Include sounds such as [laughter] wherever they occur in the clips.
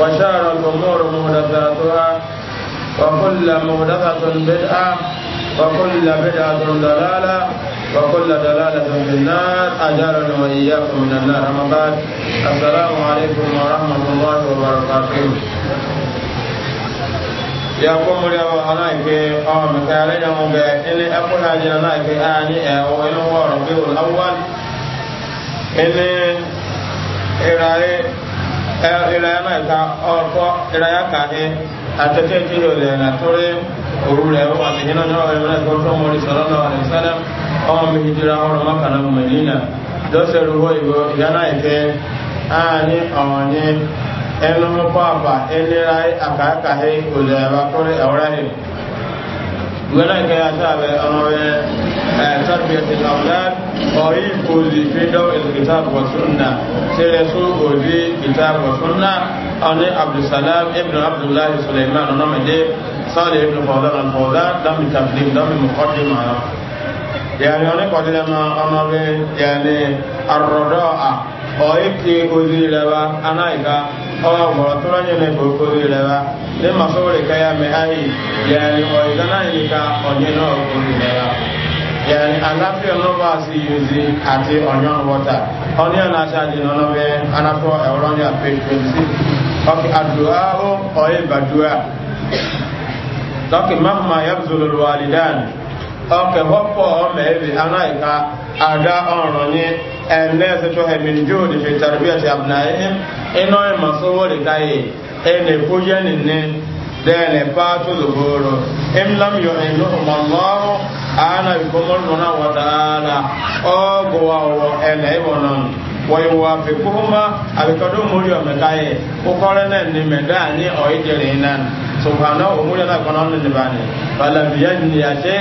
وشار الأمور مهدفاتها وكل مهدفة بدعة وكل بدعة ضلالة وكل دلالة في النار أجرنا وإياكم من النار أما بعد السلام عليكم ورحمة الله وبركاته يقوم لي وحناك أو مكالين وبا إلي أقول هاجنا نايك آني أو إنه هو ربيع الأول إلي إرائي ìràyà náà ka ọkọ ìràyà ka ẹ àtẹtẹ tí yóò lẹ nàtúrẹ òru rẹ ó wà nìyẹn náà yọrọ ìrànlẹ tó tó mọlẹ sọlọ náà wà nìyẹn sálẹ ọmọ mi hijira ọrọ mọkànlá mọlẹyìnà dọsẹ rúbọ ìwọ ìyá náà ìfẹ ààyè ọ̀ọ̀nyẹ ẹnu mọ́pọ̀ àbà ẹnira àkàkà ẹ òlẹ̀ àbákọ́rẹ́ àwọ̀rẹ́ ولك يا شعب تربية الأولاد طريق في ضوء الكتاب والسنة سيرسو في كتاب والسنة أن عبد السلام ابن عبد الله سليمان نمجي صالح ابن فوزان الفوزان دم تقديم دم مقدمة yàrá wọn kọ́ dídá ma ọmọ bẹ yàrá arọ̀dọ́ a ọ̀ yìí ti ọwọ́ àgbọ̀rọ̀ tó rọ́nyẹ̀ lẹ́ gbogbo rẹ̀ wa ní masọ́wọ́rẹ̀ káyà mẹ́ ayé yẹ̀rẹ̀ ọ̀ìdáná yìí ká ọ̀nyẹ́ náà gbogbo rẹ̀ wa yẹ̀rẹ̀ aláfíà lọ́ba sí yuzi àti ọ̀nyọ́n wọ́ta ọ̀nyẹ́ aláṣà jìnnà lọ́bẹ̀ ọkẹ wọpọ ọmọ ẹbí anáìka àga ọrùn ní ẹnẹ ṣẹṣọ ẹmìn jù ní fi tàbí ẹsẹ àbùnà ẹhìn iná ìmọ̀sówó lè káyè ẹnì kújẹ́ nìní dẹ́ẹ̀nì pàtó lòbóró ìmìlámiyọ ìlú ọmọlọ́wọ́ àánà ìfọmọ́lùmọ́nà wọ̀dáàlà ọgbọ̀wọ̀ ẹ̀nà ìwọ̀nà wọ̀yọ̀wọ̀ àfikúnmá àbíkọ́dún mórí ọ̀mẹ̀ká yẹ kókọ́rẹ́ náà ní mẹ̀dá ní ọ̀ẹ́dẹ̀rẹ̀ náà sọ̀kànná òmúyẹ náà kọ́nà ọ̀nà ìdìbà ni balabiya ni àṣẹ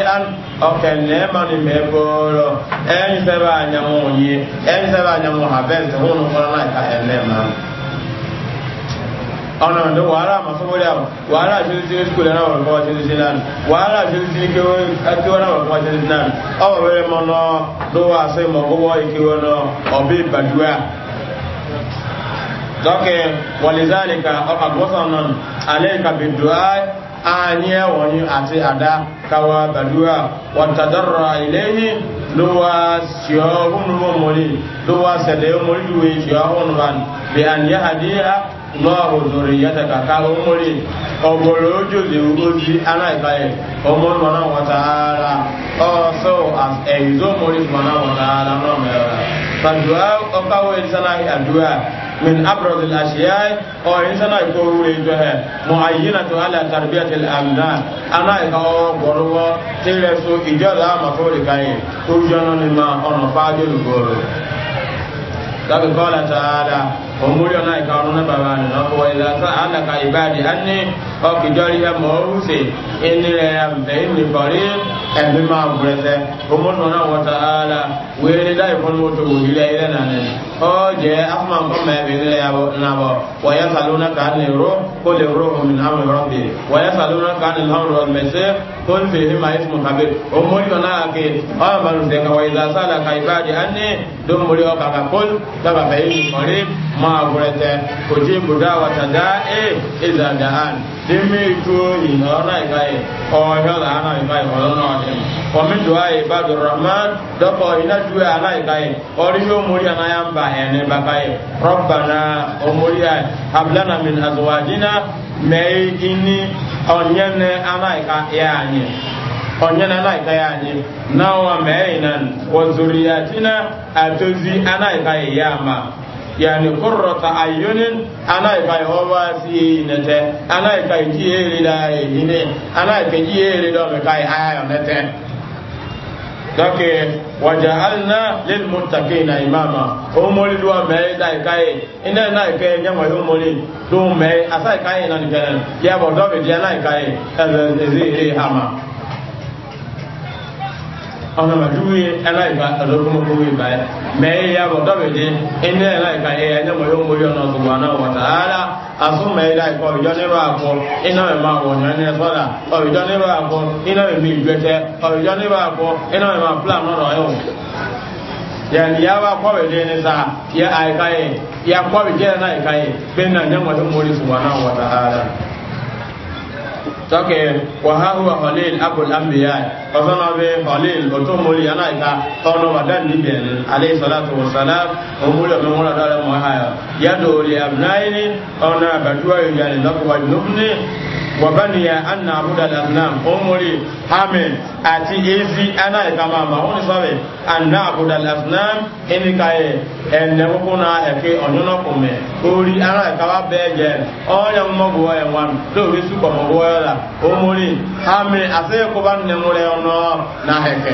ọkẹ̀ nẹ́ẹ̀mà ni mẹ́bọ̀ọ̀rọ̀ ẹ̀yìn sẹ́bà ànyàmọ̀ òye ẹ̀yìn sẹ́bà ànyàmọ̀ àbẹ́ǹtẹ̀ hún ọ̀nà ọ̀dọ́ wàhálà masọ́mọ́lẹ́ àwọn wàhálà ṣe ti ní skúlẹ̀ náà wọ̀n kọ́wàá ṣe ti ṣe náà wàhálà ṣe ti ní kéwọ́ náà wọ̀n kọ́wàá ṣe ti náà ọwọ́ bẹ̀rẹ̀ mọ́ náà ló wà sí mọ̀kọ́wọ́ ìkéwọ́ náà ọ̀bí ìbàdúrà dọ́kẹ́ wọ̀lẹ́zálìkà ọkà gbọ́sànà alẹ́kà bìdúrà ààyẹ wọ̀nyí àti àdá kawa bàdúrà wọ̀tàdọ́rọ̀ ilẹ́yìn ló wá ṣíọ́ húnmọ́ mọ́lì ló wá sẹ̀lẹ̀ mọ́lì wé ṣíọ́ húnmọ́ bí i àníyà àdíyà lọ́wọ́ òzòrò ìyẹ́tẹ̀kà káàrò mọ́rí ọgbọ̀rọ̀ ojúlé orí aláìbáyẹ̀ ọmọ ìmọ̀nà wọ̀tàára also as a result mọ́rí ìmọ̀nà wọ̀tàára náà mẹ́rọ fàdùá ọkàwọ̀ ìsànà àdúrà من أبرز الأشياء أو إنسان يقول إنه معينة على تربية الأبناء أنا يقول قروا تلسو إجازة مفعول كاي تجنن ما أنا فاجل قروا لكن قال تعالى omuri ona ikaruna babani nako wa idha sa'alaka ibadi anni okijori ya mawusi inni la yamta inni qareeb ebi ma burese omuri ona wa ta'ala wiri da ifon mutu wihile ile nanen oje afma nkoma ebe ile ya nabo wa yasalunaka anni ruh qul ruhu min amri rabbi wa yasalunaka anni al-amr wal masir qul fihi ma ismun kabir omuri ona ake amaru senga wa idha sa'alaka ibadi anni dum muri okaka qul taba fa inni qareeb máa wúrẹ́tẹ́ kò jí ibùdó àwàtàdá ẹ̀ ìdàdà àn tí mi ju ìhàn ọ̀nà ìka yìí ọ̀hìn ọ̀là àná ìka yìí ọ̀lọ́nà ọ̀dẹ̀ ọ̀mí dùn áyè ìbàdù rahman dọ́kọ̀ iná ju àná ìka yìí ọ̀rí yóò mórí àná yà ń bà ẹ̀ ní bàbá yìí rọ́bànà ọ̀mórí àyè abúlánà mi àzọ̀wájínà mẹ́ẹ̀ iní ọ̀nyẹ́ni àná ìka yà á yẹ onyana anaghịka ya anyị n'ọnwa mee na ozuriyatina atozi anaghịka ya ma yani qurrata ayunin ana ka yoma si nete ana ka ji ere da yine ana ka ji ere do aya ayo nete dake waja'alna lil muttaqina imama o moli do me da kai ina na kai nya wa o moli do me asa kai na ni kan ya bo do be na kai ezi hama. ana ma dumu ye ala yi ba ala kuma ko yi ba mɛ e y'a bɔ dɔw bɛ di e ne ala yi ka e ye ne ma yɔn ko yɔn na sɔgbɔ an na wa ta ala a fɔ mɛ e la yi kɔ jɔ ne b'a fɔ e na mɛ ma wɔ nɛnɛ sɔ la ɔ jɔ ne b'a fɔ e na mɛ mi jɔ tɛ ɔ jɔ ne b'a fɔ e na mɛ ma fila nɔ nɔ ɛwɔ yanni y'a b'a kɔ bɛ di ne sa ya a yi ka ye ya kɔ bɛ jɛ n'a yi ka ye bɛ na ne ma yɔn ko yi sɔgbɔ an na wa ta ala. tɔkɛ wahahu holil abul anbiya kɔsɔnɔ bɛ holil o tó mori ana yi ka tɔnɔ wa dan ni bɛn ale salatu wa salam o mori o bɛ ŋɔnɔ dɔ la mɔha yɔ yadu oli abinayini ɔnɔ abatuwa yi yanni lɔkɔ wa nubini wa baniya an na abuda lasnam o mori hami ati ezi ana yi kama ma o ni abuda lasnam ɛni ka ye ɛnɛkoko na ɛke ɔnyɔnɔ ana yi kaba bɛɛ jɛ ɔnyɛ mɔgɔ yɛ wan lórí umuri ami ase ko ban ne mure ono na heke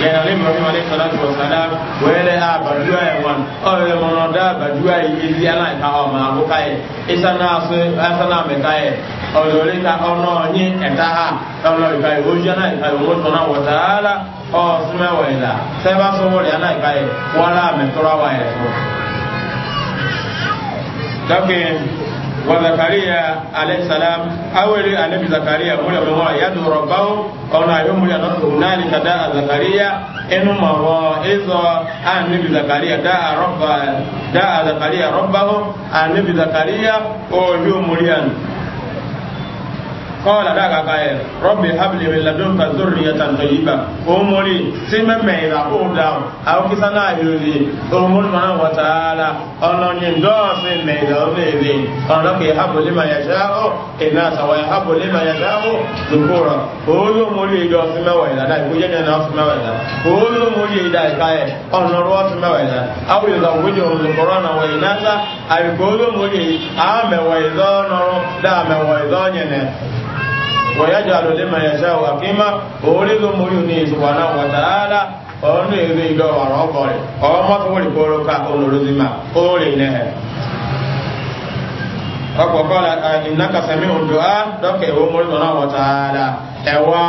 yana ne mɔmi wa ne sɔrɔ tɔ sada wɛrɛ a bajuwa yɛ wan ɔyɛ mɔnɔ da bajuwa yɛ yi zi ala ka ɔ ma ko ka yɛ isa na se isa na mɛ ka yɛ ɔlɔri ka ɔnɔ ha ɔlɔri ka yɛ o zi ala ka yɛ o sɔnna wata ala ɔ wa zakariya alayhi salam awali anabi zakariya mula mawa yadu rabbahu ona yomu ya natu nani kada zakariya enu mawa izo anabi zakariya da rabba da zakariya rabbahu anabi zakariya o yomu lian kọ́ọ̀lá dákàkà ẹ̀ rọ́bì hábìlì lẹ́dọ́nkà zórí yẹta tọ́yíbà òmòrí tí mẹ́mẹ́ ìlà òdà àwọkísá náà yóòzì òmòrí mọ́nà wọ̀tàálà ọlọ́ni dọ́ọ̀sì mẹ́ìlà òmìnirí ọ̀rọ̀kì hábìlì mayàṣáhó ìlà àtàwà hábìlì mayàṣáhó zùkúrọ̀ olómòrí ìjọ sí mẹ́wàá ìlà dáì kó jẹ́jẹ́ náà sí mẹ́wàá ìlà olómòrí ìdá ìka ẹ̀ ọ̀nàrọ̀ sí mẹ́wàá ìlà àwọn ìlà òwúdí òun zùkúrọ̀ náà wọ̀ ìnáta àbíkó olómòrí àmẹ́wàá ìlọ́ọ̀nọ̀rọ̀ dáàmẹ́wàá ìlọ́ọ̀nyẹ̀nẹ̀ ويجعل لمن يشاء وقيما أولئك مريوني سبحانه وتعالى ọ̀nà èrè ìlọ ọ̀rọ̀ ọkọ̀ rẹ̀ ọmọ tó wọ́n ìgboro ká olùrùzìmá orí ilẹ̀ ẹ̀ ọkọ̀ kọ́lá ìnákàsẹ̀mí òjò á dọ́kẹ̀ ìwọ́n mọ́rítọ̀ náà wọ́ta ààrà ẹ̀wọ́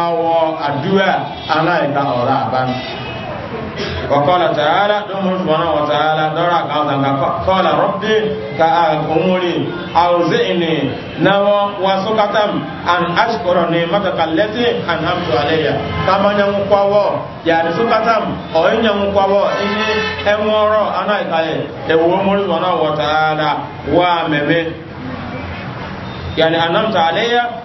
wakala taala ɗum mo subhanahu wa taala ɗora kawtanga kala rabbi ka a umuri auzini nawo wasukatam an ashkura nimataka allati an'amtu alayya kama nyangu kwawo yani sukatam o nyangu kwawo ini emoro anai kaye ewo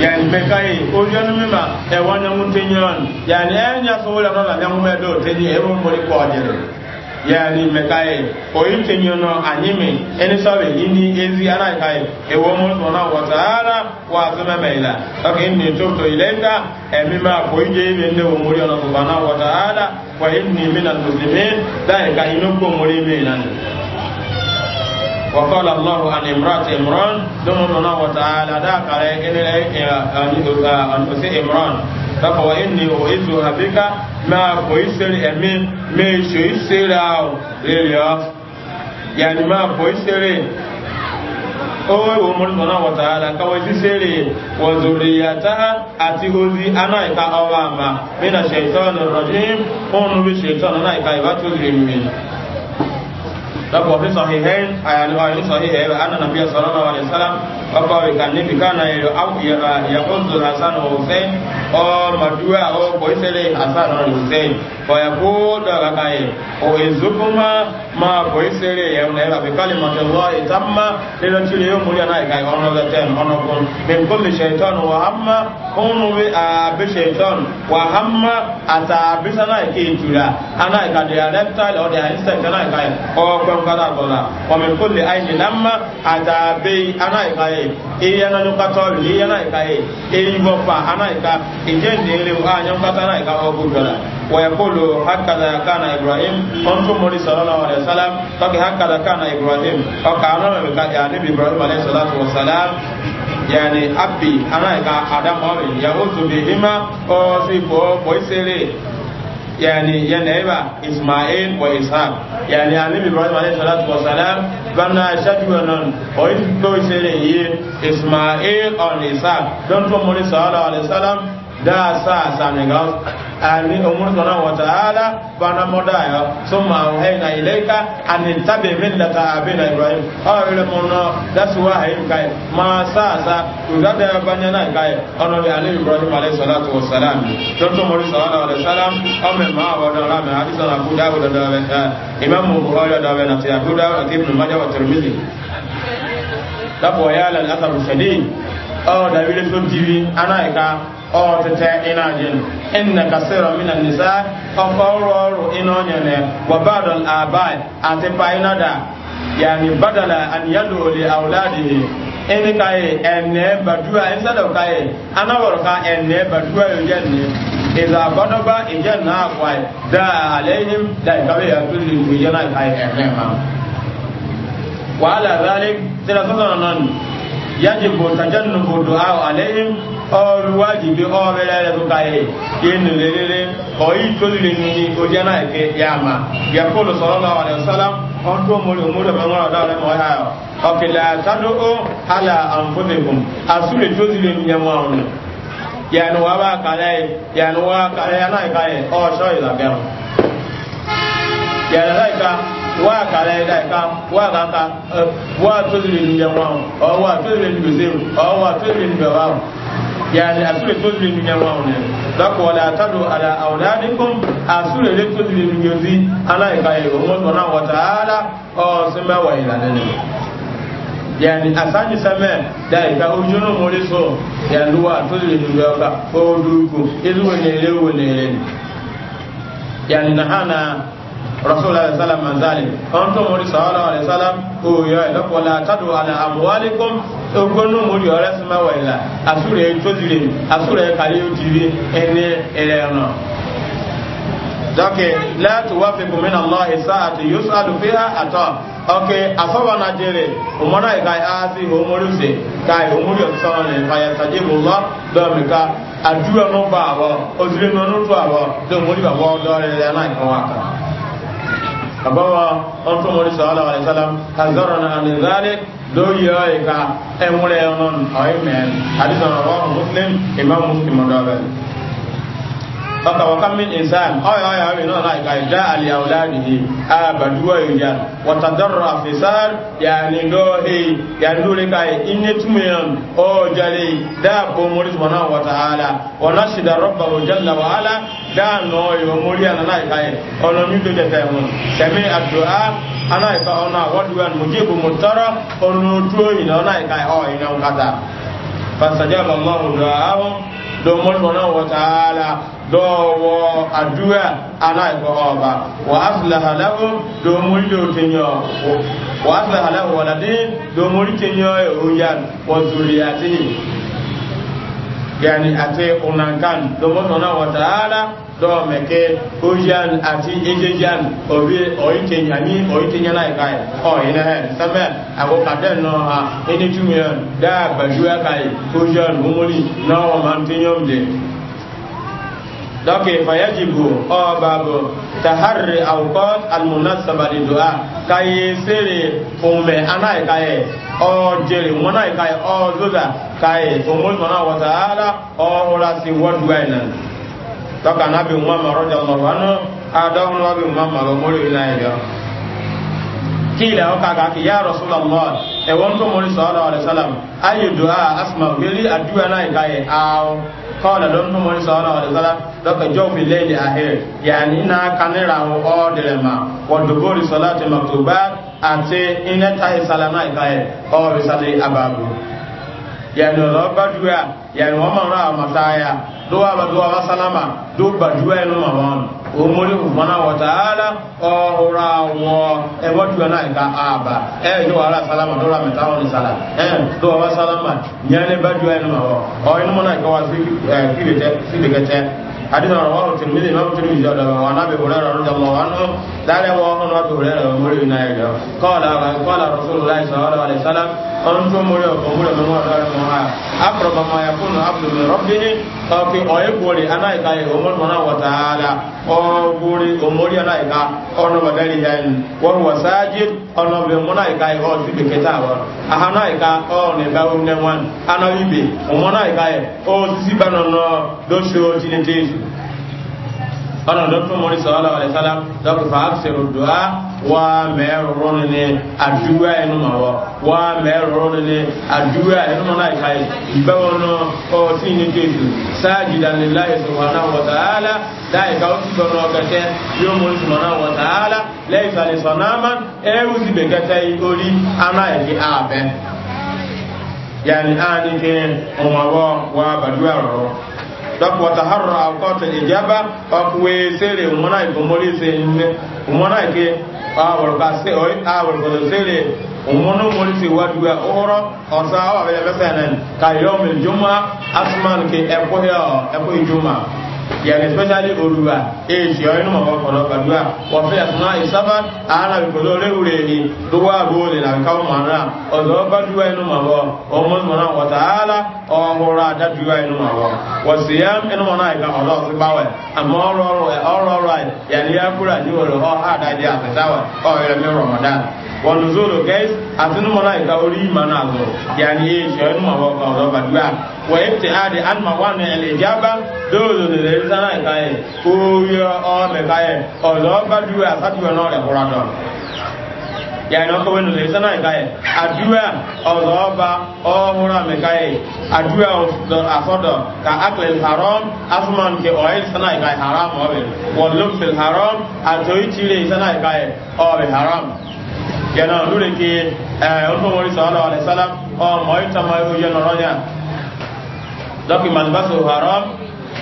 yani bekai orion mima e wanya mutinyon yani enya sola no la nyamu medo tenye ebo mori ko ajere yani mekai oyin tenyono anyime eni sabe ini ezi ana kai e wo mo sona wa taala wa azma to okay inni tubtu ilayka e mima ko ije ibe ne wo mori ona subhanahu wa taala wa inni mi muslimin dai ka inogo mori me nan وقال الله عن امرأة عمران دون الله وتعالى ذاك أن أسي عمران ذاك وإني أعيذها بك ما كويسر أمين من شويسر أو للياف يعني ما كويسر Owó ìwò mọ́lùmọ́ náà wọ̀ta ààlà kọwọ́ sí sẹ́rẹ̀ wọ̀zọ̀rẹ̀ yàtá àti ozi anáìka ọwọ́ àmà mínà ṣẹ̀tọ́ ọ̀nà rọ̀jí ń fún un sahihain h sababu fi لكن في صحيحين عن صحيح أ l النبي صلى الله ع a ي ه وسلم ọkọ̀wé kan níbi kánà yàkóso hasan hussein ọmọdúwà ọkọ̀ ìṣẹ̀lẹ̀ hasan hussein ọ̀yẹ̀kú dọ̀gàkà yẹ òyìnzókúnmá máa kọ̀ ìṣẹ̀lẹ̀ yẹ̀wọ̀n ẹ̀rọ àbíkálẹ̀ mọ̀tẹ̀lọ́ ìtàmá nínú tí yóò múlẹ̀ náà ìka ọ̀nà lẹ́tẹ̀ ọ̀nàkùn mẹ́kúnlẹ̀ ṣẹ̀tọ́n wà hàmà òun wí àbí ṣẹ̀tọ́n wà hàmà àtàbísà náà ìké ìtura aná ìka dẹ̀ reptile ọ̀dẹ̀ insect náà ìka ọ̀pẹ̀ nkátà bọ̀là ọ̀mẹ̀kúnlẹ̀ àìṣẹ̀ lámà àtàbí aná ìka ye e yana nyɔ kata o ye ika ye e bɔ fa ana ika e jɛ ndeele o a nyɔ kata ana ika o b'u dɔ hakada kana ibrahim on tun mori sallallahu alaihi wasallam toki hakada kana ibrahim o ka ana mɛ ka yani bi ibrahim alaihi salatu wasalam yani abi ana ika adam ɔbi yahudu bi hima ɔsi ko boisere yani yanayi ba ismail wa ishaq yani anabi ibrahim alayhi salatu wa salam bana shaju non o yi ko sele isma'il on isa don to mo ni sallallahu alaihi wasallam da amin umur subhanahu wa ta'ala bana modaya summa awhayna ilayka an tabi millata abina ibrahim aw ila munna daswa hay kai ma sasa ugada banyana kai ono bi ali ibrahim alayhi salatu wassalam tonto mori sallallahu alaihi wasallam ame ma wa da rame hadisa na ku dawo da dawo eh, imam bukhari da na tiya ku dawo da ibn majah wa tirmidhi dapo yala al-athar shadid aw da wile son tv ana ka ọtụtụ ịnajin inna kasịrọ mina nisa ọkọ ọrụ ọrụ ịnọnyere wabadol abai àti painada yani badala an yalo li auladihi ini kaye enne badua insada kaye anawar ka enne badua yojanni iza badoba ijanna akwai da alaihim da kabe ya tulli wujana kaye enne ma wa ala zalik tira sasana nan yajibu tajannubu du'a alaihim ọrụ wajibi ọrịa ẹlẹtụtaghị inú lelele ọyí tolile nìyí ojẹ náà ké ya ma yẹfọlù sọlọ lọ ọrẹ sọlá ọdún omori omori ọmọ ọdọ rẹ mọ ya ọkìlẹ àtàdó ó hàlà àǹfọdẹkùn àsúlẹ tolile nìyẹ mọ ọrùn yẹnu wa bá kalẹ yẹnu wa kalẹ yẹnu ìkàlẹ ọṣọ ìlàbẹrún yẹnu ìkà wa kalẹ ìkà wa kàkà wa tolile nìyẹ mọ ọ wa tolile nìyẹ mọ ọ wa tolile nìyẹ mọ yani asure tozile nu ñama one donc wala tadu ala auladikum asure le tozile nu ñosi ala e kaye o mo sona wa taala o sema wa ila nene yani asanji same da e ka o jono mo le so yani luwa tozile nu yo ka o du ko ezu wele le wele yani nahana rasulullah alayhi salam mazali on to mori sallallahu alayhi salam o yo e lọ́pọ̀ la tadu ala amwalikum ogonu mori ọrẹ sima wẹla asúrẹ tózire asúrẹ kàlẹ òtìrí ẹni ẹlẹrọ dọkẹ láti wá fi kùnmí náà lọ ìsá àti yusuf alùfíà àtọ ọkẹ afọwọ nàìjíríà òmùrà ìka àti òmùrùsè ká òmùrì ọsán ní fàyàtàjì bùlọ dọmìka àdúrà nù bá àwọ òsìrè nù nù tó àwọ dọmùrì bàbá ọdọ rẹ lẹ náà ìkọwà kan abawa ọtọ mọri sọlá wa sálám azọrọ na ani zari lórí ọyẹ ká ẹnwúrẹ ọnà ọyẹ mẹ àdìsọrọ wa muslim imam muslim ọdọ ọkà wọ́kà min insan ọ̀yọ̀ ọ̀yọ̀ ọ̀rìn náà láìka ìdá àlìyà ọ̀làdìhì àbàdúwà ìyá wọ̀tàdọ́rọ̀ àfẹ́sàr yàní lọ́ọ̀hì yàní lórí ka iné túmìyàn ọ̀jàlẹ̀ dáàbò mórí tùmọ̀ náà wọ̀tà àlà ọ̀nà ṣìdá rọ́bà òjàlá wàhálà dáànà ọ̀yọ̀ mórí àná láìka ọ̀nà mi tó jẹta ẹ̀wọ̀n sẹ̀mí àdùá anáìka ọ̀nà àwọ̀dùwà mùjíbù mùtọ́rọ̀ ọ̀nà ojú ìnà ọ̀nà ìka ọ̀ ìnà òkàtà fasajaba allahu da'ahum domin mana wa ta'ala dɔwɔ aduwa ana ikɔhɔba wa afilaha lahu domori de okenyɔ wa afilaha lahu waladi domori kenyɔ ehuyan wa zuriyati yani ate unankan domo sɔnna wa taala dɔw mɛ kɛ ojan ati ejejan o bɛ oyi kenya ni oyi kenya n'a ye k'a ye ɔ yinɛ hɛ sɛmɛ a ko ka den nɔ ha e ni tumu yɛ daa bajuya k'a ye ojan mumuli n'aw ma n donc fayajibu ɔbabu oh, tahari awukɔt almunasaba li du'a ka ye seere kunbɛ ana ye oh, ka ye ɔjere oh, ŋmɔna ye ka ye ɔzoza ka ye omo sɔnna wata ala ɔwolasi wɔduwa yi na donc ana bi ŋma ma rɔja ŋma wa no a bi ŋma ma ba mori yi na ye jɔ kila o ka kaki ya rasulallah e won to mori sallallahu alaihi wasallam ayi du'a asma beli adu'a na ye ka ye awo kọ́ọ̀lá ló ń mú mọ́rí sọ́ọ́lá ọ̀dẹ́sọ́lá lọ́kọ̀ jọ́ fi lé ní àhẹ́ yàní iná kanira àwọn ọ̀dẹ̀rẹ̀ mà wọ́dùbórì sọ́lá ti mọ̀tòbá àti iná táyé sálámà ìka ẹ̀ ọ̀rẹ́sàdé abàbò yàní ọ̀rọ̀ bá dúrà yàní wọ́n mọ̀ do oh, eh, aba eh, do aba salama do gbajuwa ẹnu màmá ọ̀nà omori umana wataala ọhụrụ eh, anwụ ewọtụ na ịka aba eyi wara salama dọla meta ọnụ sala ee dọwa salama nyere bajụ ẹnu màmá ọ̀nà ọ̀yịnụ mụ na ịkọwa sí ìdíkẹtẹ حديث رواه الترمذي امام الترمذي وعن ابي هريره رضي الله عنه لا رواه عن ابي هريره ومولي بن قال قال رسول الله صلى الله عليه وسلم انتم مولي ومولي من هو اقرب ما يكون عبد من ربه ọkì ọ̀ẹ́gbòrè aláìka ìhòmọ́nà wàtàálà ọgbòrè òmórí aláìka ọ̀nàbàdàrí yẹn wọ́n wà sáájì ọ̀nàbẹ̀mọ́nà ìka ìhọ́ sí kẹkẹta wọn ahanáìka ọ̀nàbẹ̀ ọ̀nẹ́wọ̀n anáwíbẹ̀ òmọ́nà ìka ẹ̀ ó sì bẹ́ẹ̀ nọ lóṣù tí ní tẹ́sù ọ̀nà dọ́kítọ̀ mọ́rí sọ́lá wà lẹ́sálá dọ́kítọ̀ fàáṣẹ̀rù dùá wà mẹ́rọ̀rọ̀ ní àdúrà ẹnu màwọ̀ wà mẹ́rọ̀rọ̀ ní àdúrà ẹnu mọ́ náà ìka ìbẹ́wọ̀nà ọtí ní kéèkì sáàjì dánilá ìsọ̀wọ̀nà wọ̀tàálá dáìka ó ti sọ̀nà ọ̀kẹ́kẹ́ yóò mú ìsọ̀nà wọ̀tàálá lẹ́yìn sọ̀nàmà ẹrù ti bẹ̀kẹ́tẹ́ orí anáìkí wa bàdúrà rọ̀rọ̀ donc wataharra awqat al-ijaba akuwe sere umona igomoli se umona ke awol ka se oy awol ko sere umono moli se waduga oro osa awa be be senen ka yomil juma asman ke ekoya ekoy juma yẹn especially olùwà èsì ọ inú mọ̀kọ́ kọ̀lọ́ gbàdúrà wọ́n fẹ́ àtúná ìsábà àánà ìkòló léwu rẹ̀ ni lówó àbúrò lè là ń ká ọmọ náà ọ̀dọ́ gbàdúrà inú mọ̀kọ́ ọmọ ìmọ̀ náà wọ́n tààlà ọ̀húnra àdádúrà inú mọ̀kọ́ wọ́n sì yá inú mọ̀ náà ìgbà ọ̀dọ́ sí báwẹ̀ àmọ́ ọ̀rọ̀ ọ̀rọ̀ yẹn ni yá kúrò àdíwọ̀lẹ̀ ọ̀ wọnuzolo gẹs atinu mọla ika ori imanu azọ yanni ye sọ ẹnu ma wọ kan ọdọ gbàdúrà wọ ẹtì adi alima wani ẹlẹjaba dóòzò lè sanna ika yẹ kóyọ ọmọ ika yẹ ọdọ gbàdúrà sátìwẹ náà rẹ kura dọ yanni ọkọ wẹni lè sanna ika yẹ adúrà ọdọ ọba ọhúnra mẹka yẹ adúrà asọdọ ka akilẹ haram asuman ke ọyẹ sanna ika yẹ haram ọbẹ wọlọm fil haram àtọyìtì lè sanna ika yẹ ọbẹ haram yana lure ke ọdún wọn sọ́lọ́ alẹ́sálá ọmọ ìtàmà ìhòyẹ nọ̀rọ̀ yà dọ́kì màlúbásù haram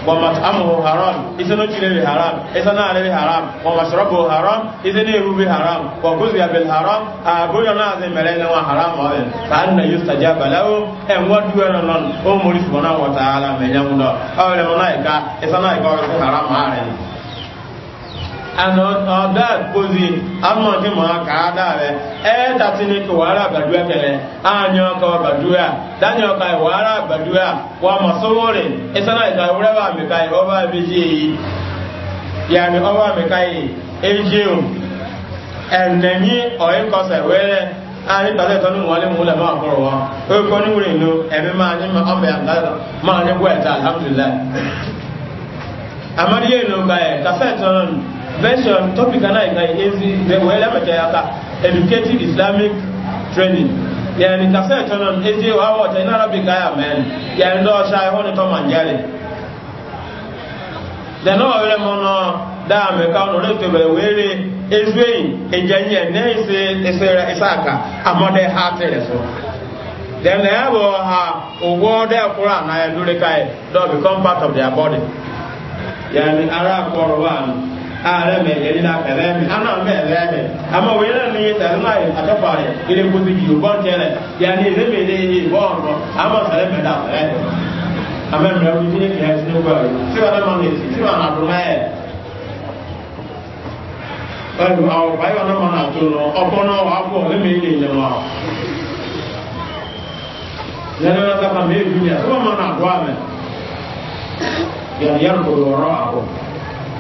wọ́n màtàmù haram iṣẹ́ ló jílẹ̀ rẹ̀ haram iṣẹ́ náà rẹ̀ haram wọ́n màṣọ́rọ̀bù haram iṣẹ́ ní ìrúbí haram wọ́n gúúsù yàbẹ̀ haram àbúrò náà zẹ mẹ̀rẹ̀ lẹ́wọ̀n haram ọ̀rẹ́ sáà nà yóò sàjá bàláwó ẹ̀wọ́n dúwẹ́ rẹ̀ lọ́nà ó mórí ṣùgbọ́n náà wọ̀ta ara mẹ̀yẹ́mú lọ ọ̀rẹ́ wọn náà ìka iṣẹ́ náà ìka ọ̀rẹ́ haram ààrẹ ana ọda kozi amọdị ma ka ada rẹ ẹ wàhálà gbàdúrà kẹlẹ ànyọ ọkọ gbàdúrà dányọ ọkọ wàhálà gbàdúrà wà mà sọwọrẹ ìsọlá wà ọba ọba yìí o wẹrẹ ni ma wa ni ma an bɛ yan kala ta alhamdulilayi. amadu ye ka yɛ kasɛ tɔnɔ version topic ana ika ezi wele mata yaka educative islamic training yani kasa tonon ezi wa wata ina Arabic kaya men yani do sha ho ne to manjale de no wele mono da me ka no le to be wele ezueyin ejenye ne ise isera isaka amode ha tere so then they have ha owo de kura na ya lure kai do become part of their body yani ara koroban ààrẹ mẹ̀lẹ́ nílá pẹ̀lẹ́ mi aná mẹ̀lẹ́ mi àmọ́ òwe náà ní tẹ̀lé náà àtẹ́fà rẹ̀ ilé kóso yìí ò bọ́n tẹ́lẹ̀ yà ní ilé mi ní ìbọn ọ̀rọ̀ àmọ́ sẹ́lẹ̀ mẹ̀lẹ́ àpẹ̀lẹ́ mi àmọ́ mẹ̀lẹ́ mi ti ní kìí ẹ̀sìn nígbà rẹ̀ síwá náà máa ń èsì síwá náà dùn láyẹ̀. pẹ̀lú àwọn báyọ̀ náà máa tó lọ ọkọ náà wà fún ọ̀rẹ́ mi ilé ìyẹn wa. yẹn náà sábà mi èdú ni àtúbọ̀ máa nà àdúrà mẹ́ yàrá yàrá kò lọ́rọ̀ àbọ̀.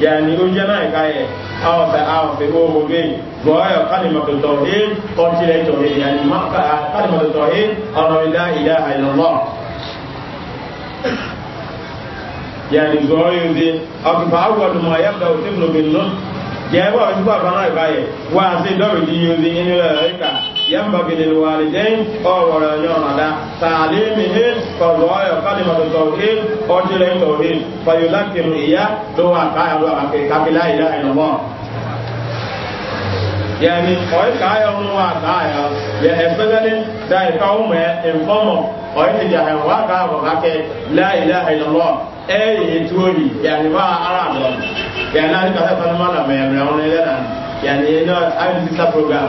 yani ojana a awa ba awa be o o be bo ayo kalimatu tauhid ko tire e tauhid yani makka kalimatu tauhid ala la ilaha illallah yani goyo de abu awwal ma yabda tibnu bin nun je wa ba ba na ikaye wa se do di yo de ni la ikaye ينبغي للوالدين أول يوم تعليمهم فضوايا كلمة التوحيد أجل التوحيد فيذكر إياه دوا كايا دوا كاكي لا إله إلا الله yẹni ọ̀ẹ́ka ayọ̀run wa àtàyà yẹ ẹ̀fẹ́lẹ́lẹ́ da ìka ọmọ ẹ̀ ìfọ́mọ̀ ọ̀ẹ́kì jà ẹ̀wọ̀ àká àbọ̀kákẹ́ láìlẹ́ ìlọ́lọ́ ẹ̀yẹ tí ó yìí yẹni bá ara àdọ̀ yẹni láti kàtẹ́fẹ́ ní mọ́nà mẹ́rin ọ̀run ilẹ̀ náà yẹni iná ibc program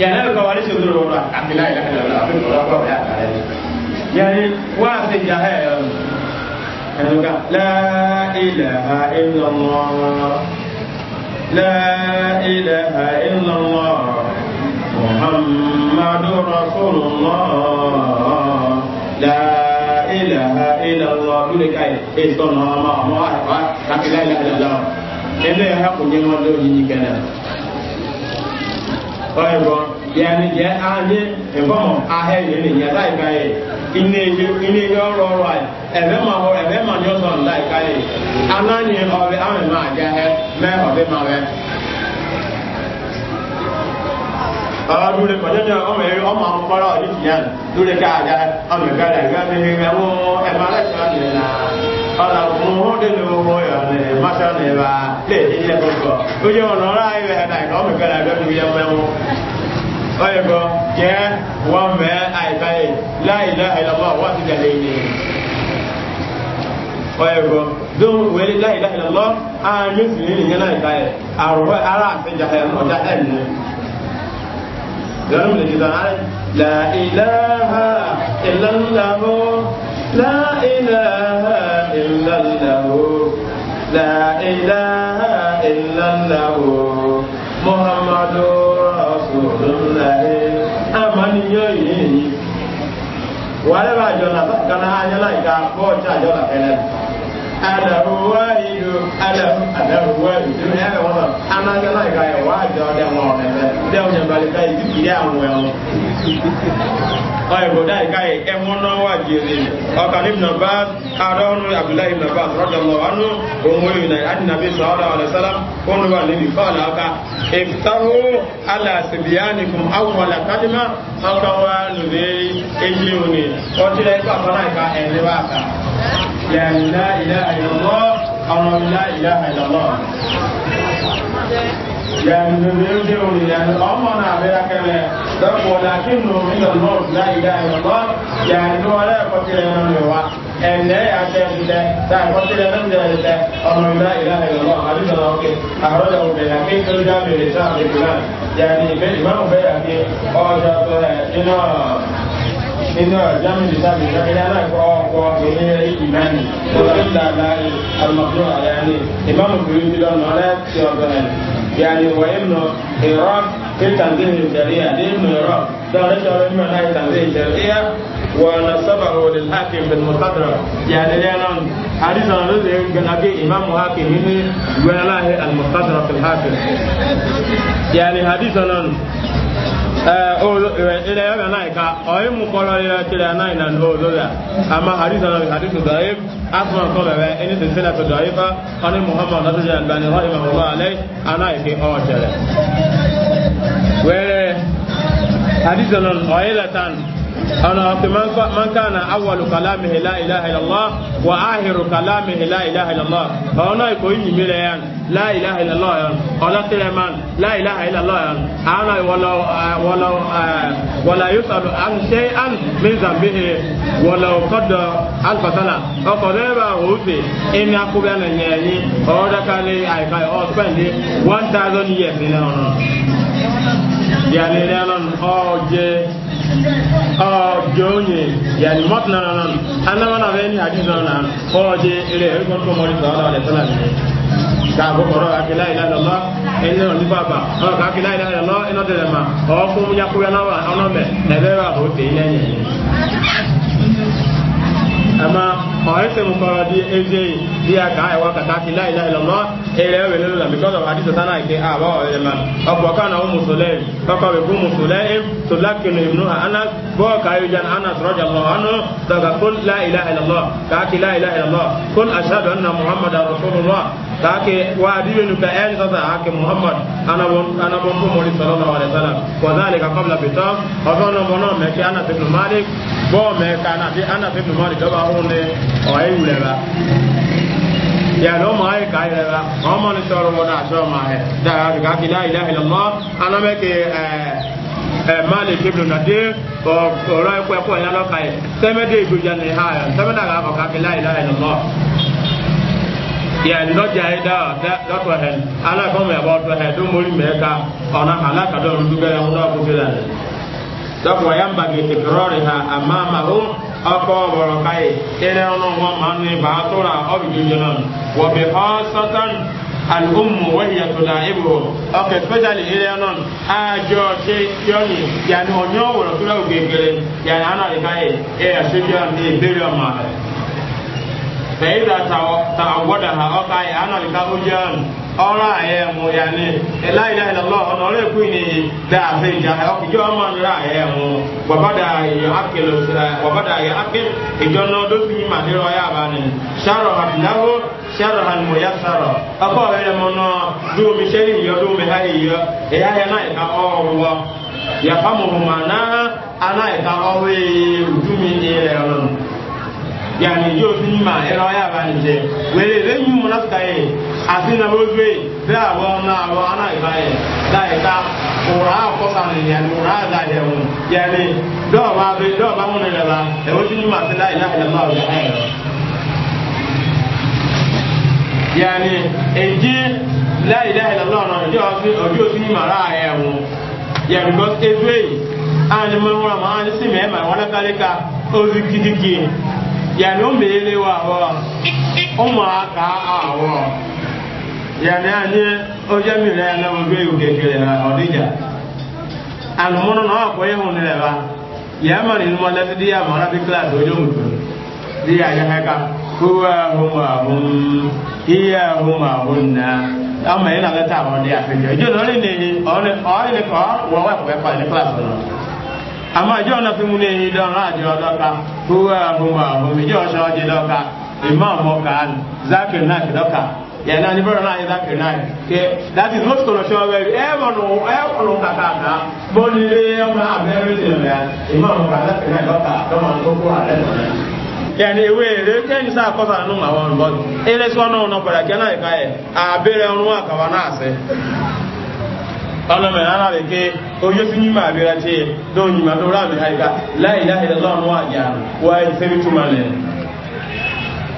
yanayi ka wani sojuru wani abdullahi la kala wani abin kura kwa ya kare yani wa se jahe ya yani ka la ilaha illallah la ilaha illallah muhammadu rasulullah la ilaha illallah dole ka e sɔn nɔ ma ma wa wa ka kila ilaha illallah ɛnɛ yɛrɛ ko ɲɛmɔ dɔ ɲini kɛnɛ ọ̀yẹ̀bọ̀ yẹni jẹ́ ayé ìfọ́mọ̀ ahẹ́ yẹn ni yẹn láìka yẹ iné yẹ ọrọ̀ ọrọ̀ ayé ẹ̀fẹ́ mà họ ẹ̀fẹ́ mà ní ọ̀sán láìka yẹ anáni ọ̀rẹ́ àmì máa jẹ́ ẹ mẹ́ ọ̀fẹ́ máa rẹ. ọ̀rọ̀ dúró kọjá ní ọmọ eré ọmọ àwọn kọ́lá ọ̀dí tìyàn dúró ká àjá ọmọ ìgbàlẹ̀ ìgbàlẹ̀ ìgbàlẹ̀ ẹ̀mọ́ ọ̀nà mọ̀hún dínú owó ọ̀nà mọ́ṣọ́ ní ẹ̀bà lè ilẹ̀ gbogbo ojú ọ̀nà ọ̀rọ̀ ayé ẹ̀dá ìkọ́ mi fẹ́ra ẹ̀dọ́ mi yẹ mẹ́mú ọ̀yẹ̀kọ́ jẹ́ wọ́n mẹ́ àìbáyé láìlá ìlọ́wọ́ wọ́n ti dàlẹ́ ilé ọ̀yẹ̀kọ́ dóun wẹ́lẹ́ láìlá ìlọ́wọ́ ààyè sì ní ìyẹn láìbáyé àrùwẹ́ ara àfẹ́jà ọ̀dá ẹ̀ lọ́nà ìlànà ìlànà لا إله إلا الله لا إله إلا الله محمد رسول الله أمن يهيه wàlẹ́ bá jọ náà sáà kaná ayé láìka bọ́ọ̀tì àjọ náà fẹ́lẹ́ adahuwa idu adahu adahuwa idu ẹ bẹ wọn sọ anájọ láìka ẹ wá jọ ọdẹ wọn ọdẹ fẹ dẹ ọnyẹ balẹ ká ibi kiri àwọn ọ̀ẹ̀bọ̀dá ìkáyẹ̀ ẹmọ́ náà wà jèrè ọkàn ibn abbas adọ́nu abdullahi ibn abbas rọ́dọ̀lọ́ anú ohun èyí adìnàbí sọ́ọ́lá alẹ́sálá kónú wà níbi fọ́ọ̀lá ọkà ìfitáhó alàṣìbíyàní fún awọ̀lá kálímà ọkà wà lùdé èjì òní ọtílẹ̀ ikọ̀ àtọ́nà ìka ẹ̀lẹ́wà àkà yàrá ilá ìlàlọ́ ọ̀rọ̀ ilá ìlàlọ́ يعني يرجعون يعني الأمر نعبير كما ولكنهم عند الموت لا إله إلا الله يعني هو لا يقتل من هو أن لا يعتاد الله لا يقتل من الله أمر لا إله إلا الله حديث الأوكي أخرجه بيهقي في الجامع لسعب الإمام يعني في الإمام بيهقي أوجه إنه nínú ọjọ́ mi nìta mi ìjọba yàrá ẹ̀kọ́ ọkọ̀ ìrìnrìn ìmánì tó ń da láàyè alùmọ̀tò àyàní ìmáàmù bìrì ti lọ́nà ọ̀rẹ́ ti ọ̀gbọ̀n ẹ̀ yàrá ìwọ̀ ìmù ìrọ̀ fi tàǹdé mi jẹ̀rí àdé ìmù ìrọ̀ dọ̀rẹ́ ti ọ̀rẹ́ mímọ̀ láì tàǹdé ìjẹ̀rí yá wọ̀n sábà wọlé hakim bin mutadra yàrá ìyá náà àdìsàn ló lè gbẹ̀nàgé ìmáàmù hakim nínú ìwé aláhẹ́ alùmọ̀tadra fi hakim yàrá àdìsàn náà Eh, eh, ilẹ̀ yọ̀bẹ̀ náà ìka ọ̀yí mú kọ́lọ́ ilẹ̀ tilẹ̀ náà ìnà ní olóyà àmà hadith náà hadith dọ̀yìf asùnà tó bẹ̀rẹ̀ ẹni tí sílẹ̀ tó dọ̀yìfà ọ̀ní muhammad nàtúnjẹ àgbàni rọ́ ìmọ̀ ọ̀rọ̀ alẹ́ aná ìké ọ̀ tẹ̀lẹ̀ wẹ́rẹ́ hadith náà ọ̀yí lẹ́tàn أنا من كان أول كلامه لا إله إلا الله وآخر كلامه لا إله إلا الله أنا يكون مليان لا إله إلا الله أنا تلمان لا إله إلا الله أنا ولو ولو ولا يسأل عن شيئا من ذنبه ولو قد ألف سنة أقرب أوفي إن أقوم أنا يعني أودا كان أي كاي أو سبندي 1000 years يعني لأن أوجه jonye yani mot na na ana wana veni hadis na na hoje ile e ka ila dịkwa ka ila ma ọkụ ya munya na ọ̀rẹ́sẹ̀ mú kọ́rọ̀ di ẹzẹ́ yìí bí a kà á ẹ̀wà kàtà kí láìláì lọ́mọ́ ẹ̀rẹ́ ẹ̀wẹ̀ lọ́la because of àdìsọ tánà ìpè àbọ̀ ọ̀rẹ́ ma ọ̀pọ̀ kan àwọn mùsùlẹ́m ọkọ̀ rẹ̀ fún mùsùlẹ́m tó lákìnnì ìbùnú àná bọ́ kàyọ̀jà àná sọ̀rọ̀jà lọ àná tọ̀gà kún láìláì lọ́lọ́ kàákì láìláì lọ́lọ́ kún àṣàdù àná muhammad rasulullah kàákì wà ka ẹ̀rí sọ́sà àkì muhammad anabọ́n fún mọ́lì sọ̀rọ̀ àwàlẹ̀ sálà wàzálì ka kọ́bla bìtọ́ ọ̀sán náà mọ́nà mẹ́kẹ́ àná tẹ̀fù malik bọ́ọ̀ mẹ́ka àná tẹ̀fù malik dọ́bà ọ̀hún ni ọyị wulera ya lo ma ayi ka eh, eh, yɛrɛ la maa ma ni sɔrɔ wɔ naa sɔrɔ maa yɛ da yɛrɛ de ka kila yi la yɛlɛ mɔ ana bɛ ke ɛɛ ɛ maa le kebile na de ɔ ɔrɔ yɛ kɔɛ kɔɛ yalɔ ka yɛ sɛmɛ de do yanni ha yɛ sɛmɛ da k'a fɔ ka kila yi la yɛlɛ mɔ yɛn dɔ ja yi da dɛ dɔ tɔ hɛ ala kɔ mɛ bɔ tɔ hɛ do mori mɛ ka ɔna ala ka dɔ olu dugɛ yɛ ŋdɔ ko kelen dɔ kɔ yan ha a maa ma ọkọ ọ̀bọ̀rọ̀ kaị ẹrẹ ọ̀nà wọn máa ń bá a tóra ọ̀bì jújọ náà wọ́n bẹ̀ ọ́ sọ́tàn alùpùpù wọ́n yẹ tó la ya ọkọ̀ especially ẹrẹ ọ̀nà àjọ ṣe tíọ́nì ya ọ̀nyọ́ wọ̀rọ̀ tó lọ́wọ́ gbẹgbẹrẹ yàní àná àdìkáyè ẹ̀yà ṣe tíọ́nì ìbéèrè ọ̀ma fẹ̀yìntà tàwọ̀dà ọkọ̀ àyè àná àdìká ọrụ ahịa mụ ya ni ilaila ilalọ ọnụ ọrụ ekwu ni daafe ja ọkụjọ ọma nri ahịa mụ wabada ya akil ìjọ náà dókì ní màdìrọ ya bá ni sáró àbíláwó sáró àlùmọ sáró ọkọ rẹ mọ náà dúró mi sẹ́yìn ìyọ dúró mi háyì ìyọ ẹ̀yà yẹn náà ìka ọ̀rọ̀ wọ yàtọ̀ mọ̀mọ́ náà aná ìka ọ̀rọ̀ ìrùjú mi ní ilẹ̀ yani yóò fi ma ẹ̀rọ ayé àbánijẹ wẹ̀rẹ̀ ẹ̀rẹ́ na mọ̀ náà sàkáyé àti nà ló gbé bí àwọ̀ ọ̀nà àwọ̀ ọ̀nà ìbáyé láìka òwúrọ̀ àkọ́sà ni yani òwúrọ̀ àdáyé wọn yani dọ́ọ̀bá bẹ dọ́ọ̀bá wọn nílẹ̀ bá ẹ̀rọ tí yìí na sí láì láì yani yani yani o meele wa awɔ o awɔ yani ani o jɛ mi rɛ ne ma bee yoge kele la o de ja na wa ko ye hun ne la yɛma ni numu lɛ ti di yɛma kila do jo mu di yɛ ayɛ hɛ ka huwa huma hum hiya huma hunna ama yi na lɛ ta awɔ de a fi jɛ jo na o le ne ye ɔ ne ɔ ye ne kɔ wɔ wa ko bɛ fa ye ne kila so na. ama ijọ na fi mu ne yi dɔn ha di ɔdɔ ka kowa ahoma ahoma ijọ sɔ di dɔ ka imam ɔka zakir naik dɔ ka yɛn na nibɛrɛ naa yɛ zakir naik that is most kɔlɔsɔ wɛri ɛ wɔnu ɛ wɔnu kaka ka bɔnni bɛ yɛ ɔma abɛrɛ ti yɛn imam ɔka zakir naik dɔ ka ma ko ko nínú àwọn ọ̀nà ọlọ́mọ ara rẹ̀ ké ojú sí yíma àbíra tí lóòyìnbá tó rà mí àyíká láìláìlá lọ́rùn wà jà wáyé sẹ́bí túmọ̀ lẹ́nu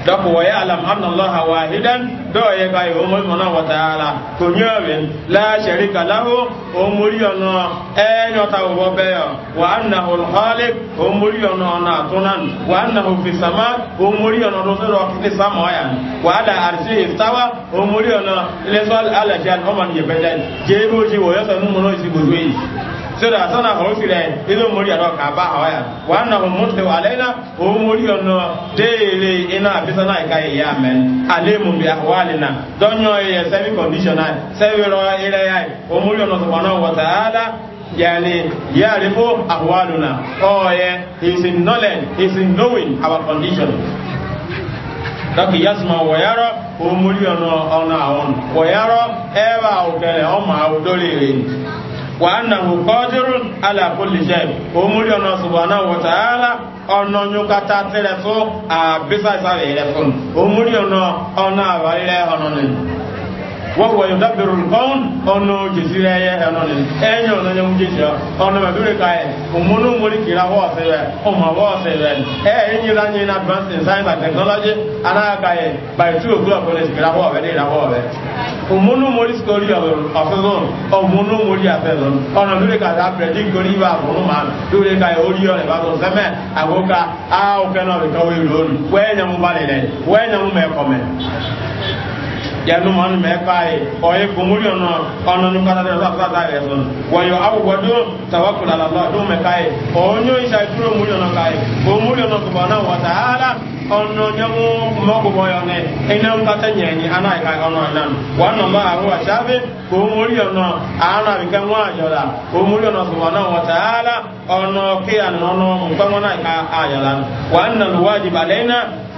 dɔk wa ya'lam anna allaha wahidan dɔw ye ka ye omori mɔna wa taala ko nyɔɔbe la sharika lahu omori yɔnɔ ɛɛ nyɔta o bɔ bɛɛ yɔ wa annahu alkhaliq omori yɔnɔ na tunan wa annahu fi sama omori yɔnɔ do sɔrɔ kiti sama yan wa ala arsi istawa omori yɔnɔ lesɔl ala jal ɔman yɛ bɛɛ jɛ jɛ ibo ji wo yɛ sɛ numu n'o si gbogbo yi sera sana hofire ido mori ano ka ba hawaya wa annahu murtu alaina o mori ono dele ina bisana kai ya men alimu bi ahwalina donyo ye sebi conditional sebi ro ire ya o mori ono subhanahu wa ta'ala yani yarifu ahwaluna oh yeah he is in knowledge he is in knowing our condition dɔki yasuma wɔyarɔ o mori ono ona on wɔyarɔ ɛba o kɛlɛ ɔma o dole re wa annahu qadirun ala kulli shay o muri ona subhanahu wa ta'ala ona nyukata tere fo a bisa isa ere fo o muri ona ona awari re hono wọ́wọ́ yóò dábẹ̀rù nǹkan ọ̀nà jésì rẹ̀ yẹ ẹ̀nà ni ẹ̀yìn ọ̀nà yẹn mú jésì ọ̀ ọ̀nà mẹ́bìrì ka ẹ̀ òmùnú mórí kìlá wọ́ ọ̀sẹ̀ rẹ̀ ọmọ wọ́ ọ̀sẹ̀ rẹ̀ ẹ̀ ẹ̀yìn yìí lánàá in advance in science and technology anáyàká yẹ by two o'clock ọ̀nà ìsìnkìlá wọ́ ọ̀bẹ̀ ní ìlàwọ́ ọ̀bẹ̀ òmùnú mórí sikori ọ̀fẹ́sọ̀n òmùnú mórí àfẹ́sọ̀n ọ̀nà mẹ́bìrì ka ta pẹ̀lẹ́dì kori ibà fún ma lórí ka orí ọ̀rẹ́ bá sọ̀n sẹ́mẹ̀ àgókà á òkè náà bẹ̀ kọ́wé lónìí wẹ́ẹ̀ nyẹ́mu balẹ̀ dẹ̀ wẹ́ẹ̀ nyẹ́mu mẹ́kọ̀mẹ́ janu man me kai o e gumuri ono ono nu kana de sa sa e son wa yo abu wadu tawakkul ala allah do me kai o nyo isa turo muri ono kai o muri ono subhanahu wa ta'ala ono nyamu mogo boyo ne ina mkata nyenyi ana ka ono nan wa no ma ahu ashabe ko muri ono ana bi kan wa jola o muri ono subhanahu wa ta'ala ono kiyan ono mkama na ka ajala wa anna alwajib alaina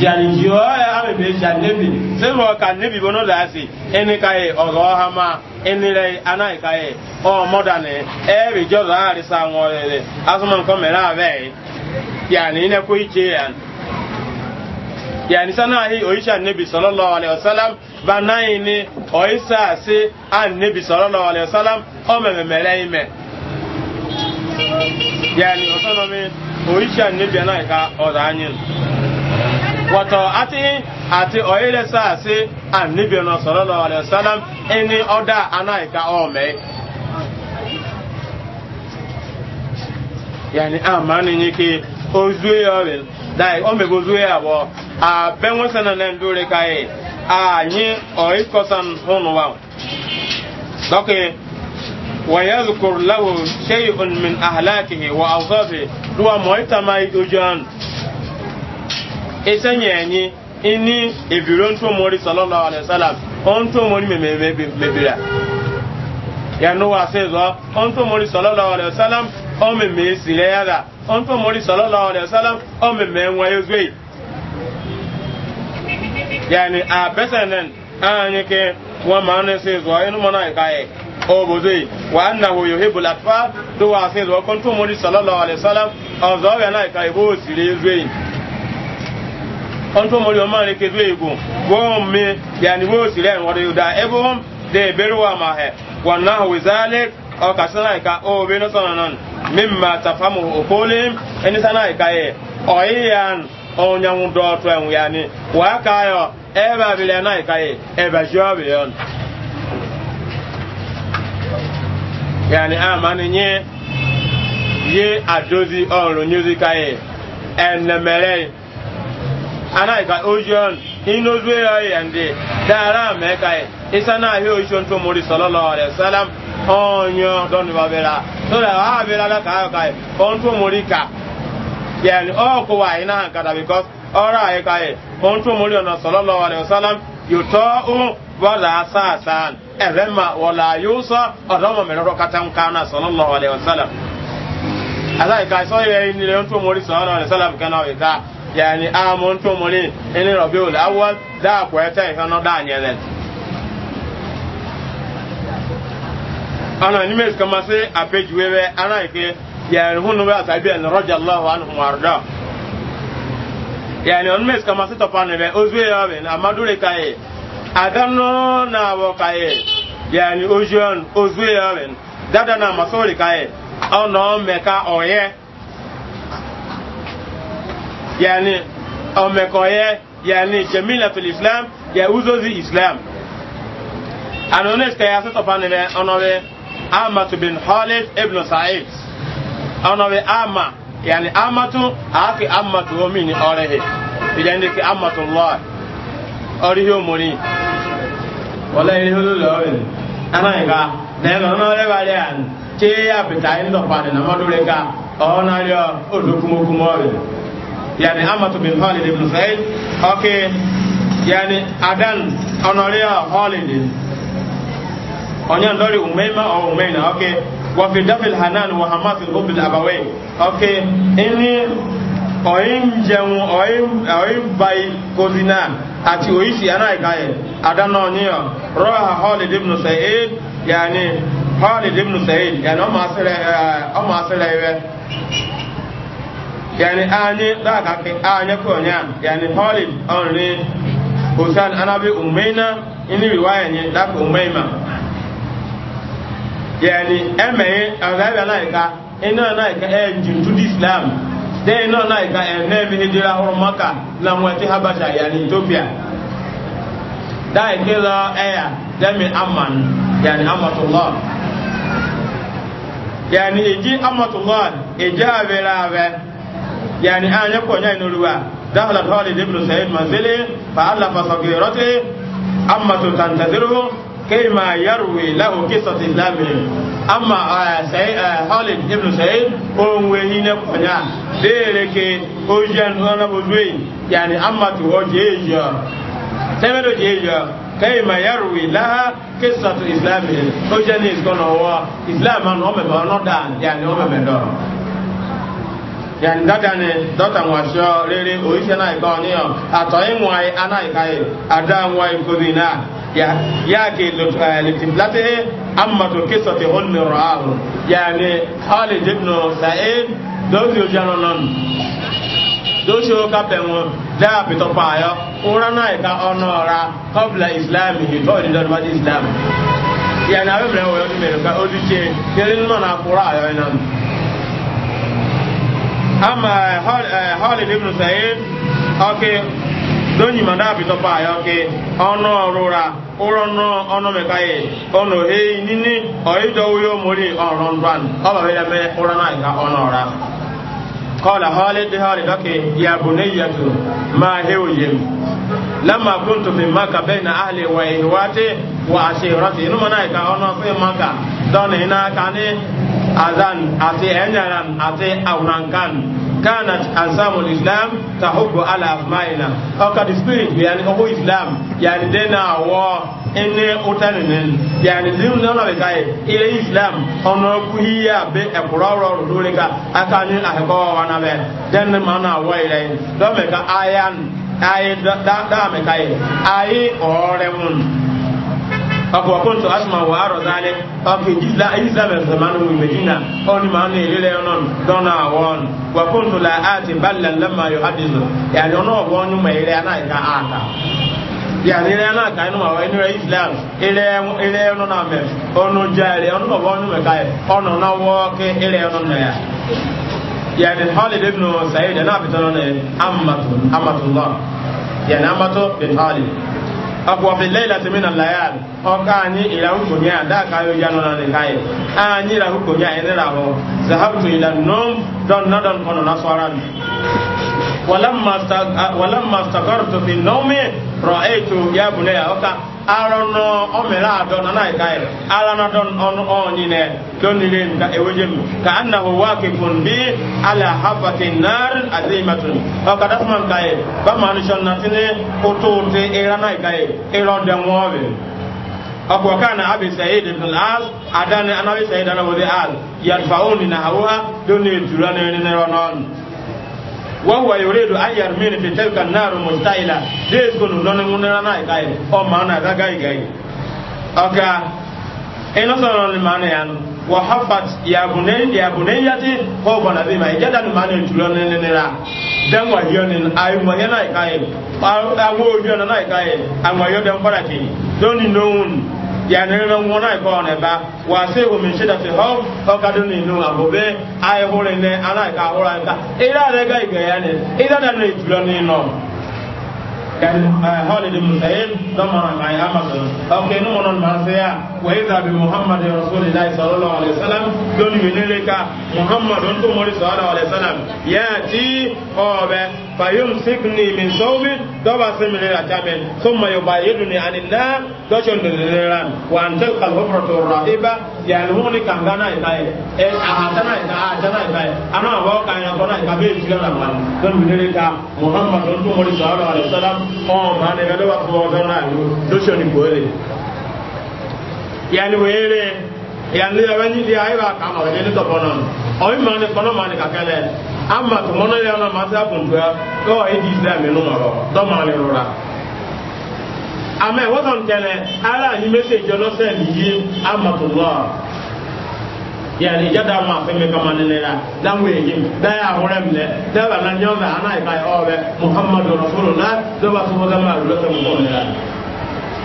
jiani jiwa ya ame be jiani nebi sebo ka nebi bono dasi eni ka ye ogo hama eni le anai ka ye o modane e bi jo da ari sa ngolele asuman ko mera be yani ne ko iche ya yani sana hi oisha nebi sallallahu alaihi wasallam banayi ni oisa si an nebi sallallahu alaihi wasallam o me mere ime yani osono mi oisha nebi anai ka o da anyin wọ̀tọ̀ àti àti ọ̀yẹ́lẹ̀ sáà sí àníbi ọ̀nà sallallahu alaihi wasallam ẹni ọ̀dà anáìka ọ̀mẹ́. yàní àmà ni yín kí ozu yẹ ọ̀rẹ́ dáì ọ̀mẹ̀bí ozu yẹ àwọ̀ àbẹ̀wọ̀sẹ̀ náà ń dúró káyé àyín ọ̀yẹ́kọ̀sán hùnú wa. dọ́kì wàyẹ̀zùkùr láwù ṣẹ́yìn min àhàlákìhì wà áwùsọ́fì lùwà mọ̀ọ́tàmá ìdójú àná. esenyenyi ini ebiro ntụ omori sallallahu alaihi wasallam on ya wa sallallahu alaihi wasallam o ya sallallahu alaihi wasallam o me nwa yani a besenen ke wa ma e o wa annahu yuhibbul atfal to wa sallallahu alaihi wasallam o zo ya na e bo onto mmadụ o mare ke dwe igun wo mi yani wo sire en wori da ebo dị de beru ma he na o ka sana o be no sana non mimma tafamu uqulim en sana ka e yan o nyanwu ọnyanwụ yani wa ka yo na ka e e yani na nye ye adozi ọrụ nyezi ka ana ka ojon ino zuwa yande dara me kai isa na he ojon to muri sallallahu alaihi wasallam onyo don babela so da ha bela la ka kai on to muri ka yani o ko wa ina kada because ora e kai on to muri on sallallahu alaihi wasallam yuta'u wala sasan erema wala yusa adama me ro katam kana sallallahu alaihi wasallam ala ka so ye ni le on to muri sallallahu alaihi wasallam kana o ka yani amun tumuli ini rabiul awwal da ko eta ihano da nyelen ana ni mes kama se apeji wewe ana ike yani hunu ba tabi an radiyallahu anhum warda yani on mes kama se topane be ozwe yawe amadure kai adano na wo kai yani ojon ozwe yawe dada na masori kai ono meka oye yani ọmọkọ̀yẹ yani jamila fil islam ya uzozi islam anonis ka ya sọtọpa amatu bin khalid ibn sa'id ọnọbẹ ama yani amatu aki amatu omi ni ọrẹhe ìjẹni ki amatu lọ ọrihi omori wọlé ìrìhì olólùwẹ̀ anáyìnká lẹ́nu ọ̀nà ọ̀rẹ́ wáyé àná tí a bìtà ń dọ̀pa ni nàmọ́dúnrẹ́ ká ọ̀nà yọ odòkúmọ́kúmọ́ rẹ̀ yani amatu bin Khalid ibn Zaid okay yani adan honorea Khalid onyan lori umema o umena, okay wa fi dafil hanan wa hamath al ubil abaway okay ini oim jamu oim oim bai kozina àti oyisi ana ikaye adan na oniyan roha Khalid ibn Zaid yani Khalid ibn Zaid yani ọmọ asẹrẹ ẹ ọmọ yani ani daka ke anya konya yani Khalid onri Husan anabi Umayna ini riwaya ni daka Umayma yani eme agaga naika ina naika e jintu Islam de ina naika e ne mi hijira hor Makka na mwati Habasha yani Ethiopia dai kila aya e dami aman yani amatullah yani eji amatullah eji abela abela yani an ah, ya konya ni ruwa ah. dakhala Khalid ibn Sa'id manzili fa alla fa sagirati amma tantaziruhu kayma yarwi lahu qissati lamil amma ah, Sa'id Khalid ibn Sa'id on we ni ne konya dere ke o jan ona bodwe yani amma tu o jejo semedo jejo kẹ́yìmà yàrùwì láhá kẹsàtù ìsìlámì ó jẹ́ ní ìsìkọ́nà ọwọ́ ìsìlámì ọmọ ẹ̀mẹ́ ọ̀nọ́dà àti àní ọmọ ẹ̀mẹ́ dọ̀rọ̀ yan dadane dota mwasho rere oisha na ikoniyo atoi mwai ana ikai ada mwai kudina ya yake lutiblatihi amma tukisati hulmi raahu yani Khalid ibn Sa'id dozi ujano non dozi ukapengu daa pitopayo urana ika onora kabla islami hito ni dadwa islam yani awemre wewe nimero ka odiche kelin mana kura ayo nan ama Khalid eh, eh, ibn Sa'id oke donyi manda bi to pa ya oke ono rura ụra no ono me kai ono he nini o ijo uyo mori oron ran oba be me uro na ga ono ra قال خالد خالد اوكي يا بني ما هو يم لما كنت في adhan ati enyaran ati awrankan kan ansamu islam tahubbu ala afmaina oka the spirit yani ohu islam yani dena wo ene utaninen yani dinu nana be kai ile islam ono kuhiya be ekuroro rurika akani aheko wana be den mana wo ile do me ka ayan ayi ọkọ̀ kóńtò asùnmà wà á rọ̀ dálé ọkọ̀ ìjìlá elizabeth zamanu medina ọ̀nì màá nà èlé lẹ́yìn náà dọ́nà àwọn ọ̀nì wà kóńtò là á ti balẹ̀ lẹ́mà yọ adìsọ yàrá ọ̀nà ọ̀bọ̀ ọ̀nì mọ̀ èlé yà náà ka àkà yàrá ilé yà náà ìka inú àwọn ẹni rẹ islam ilé ọnụ náà mẹ ọ̀nà jàre ọ̀nà ọ̀bọ̀ ọ̀nì mẹ̀ka yẹ na náà wọ́ọ̀kẹ́ ilé yẹn náà yà yàrá dị ibn Sa'id náà bìtọ́ náà ní amatu ya na amatu bin akwafi lailati min al-layal oka ni ila hukunya da ka yo jano na kai ani la hukunya ene la ho zahabtu ila num don na don kono na swaran walamma walamma stagartu fi nawmi ra'aytu ya bunaya oka arọnọ ọmịrị adọ na naịka ya aranadọ ọnụ ọnyị na donire nta eweje m ka anna huwa kifun bi ala hafati nar azimatun ọkada suma nka ya ba ma ni shọn na tini ụtụ ụtụ ịra naịka ya ịrọ dị nwọọbị ọkwa kana abi sa'id ibn al-as adani anabi sa'id anabi al yadfa'uni nahawha na wahuwa yuridu an yarmini fi tilka naru mustaila zai skunu lonin munira na ikai o mana ga gai gai aka ina sanon limana yan wa hafat ya bunen ya bunayyati ko bana bi mai jadan mana tulon ne ne ra dan wa yonin ay wa yana ikai pa awo yona na ikai an wa yodan farati doni noun yani na ngona ko ne ba wa se o min shida fi haw o ka do ni nu abo be ai hore ne ana ka hora ka ira re ga ga ya ne ira na ne tulo ni no kan holiday musaid dama na ai amazon o ke no non ma se ya وإذا بمحمد رسول الله صلى الله عليه وسلم دون ينيرك محمد أنت مولى صلى الله عليه وسلم يأتي أوبة فيمسكني من صوب دبا سمين رجامين ثم يبايدني عن النار دوشن دلران وأن تلقى الغفرة الرائبة يعني هوني كان غانا إباي أهاتنا أهاتنا إباي أنا أبوك أن يكون إبابي إسلام أمان دون ينيرك محمد أنت مولى صلى الله عليه وسلم أوبة أنا غدوا فوقنا دوشن يقولي yani were yani ya wani di aiwa ka ma wani to bonon o mi ma ni kono ma ni ka kale amma to mono ya na ma sa kun ga ko e di islam no moro do ma le rora ama wo don tele ara ni message no se ni yi amma to allah yani jada ma fe me kama ne la dan we yi da ya hore mle da ba na nyoza ana ibai obe muhammadu rasulullah do ba so da ma lo to mo ne la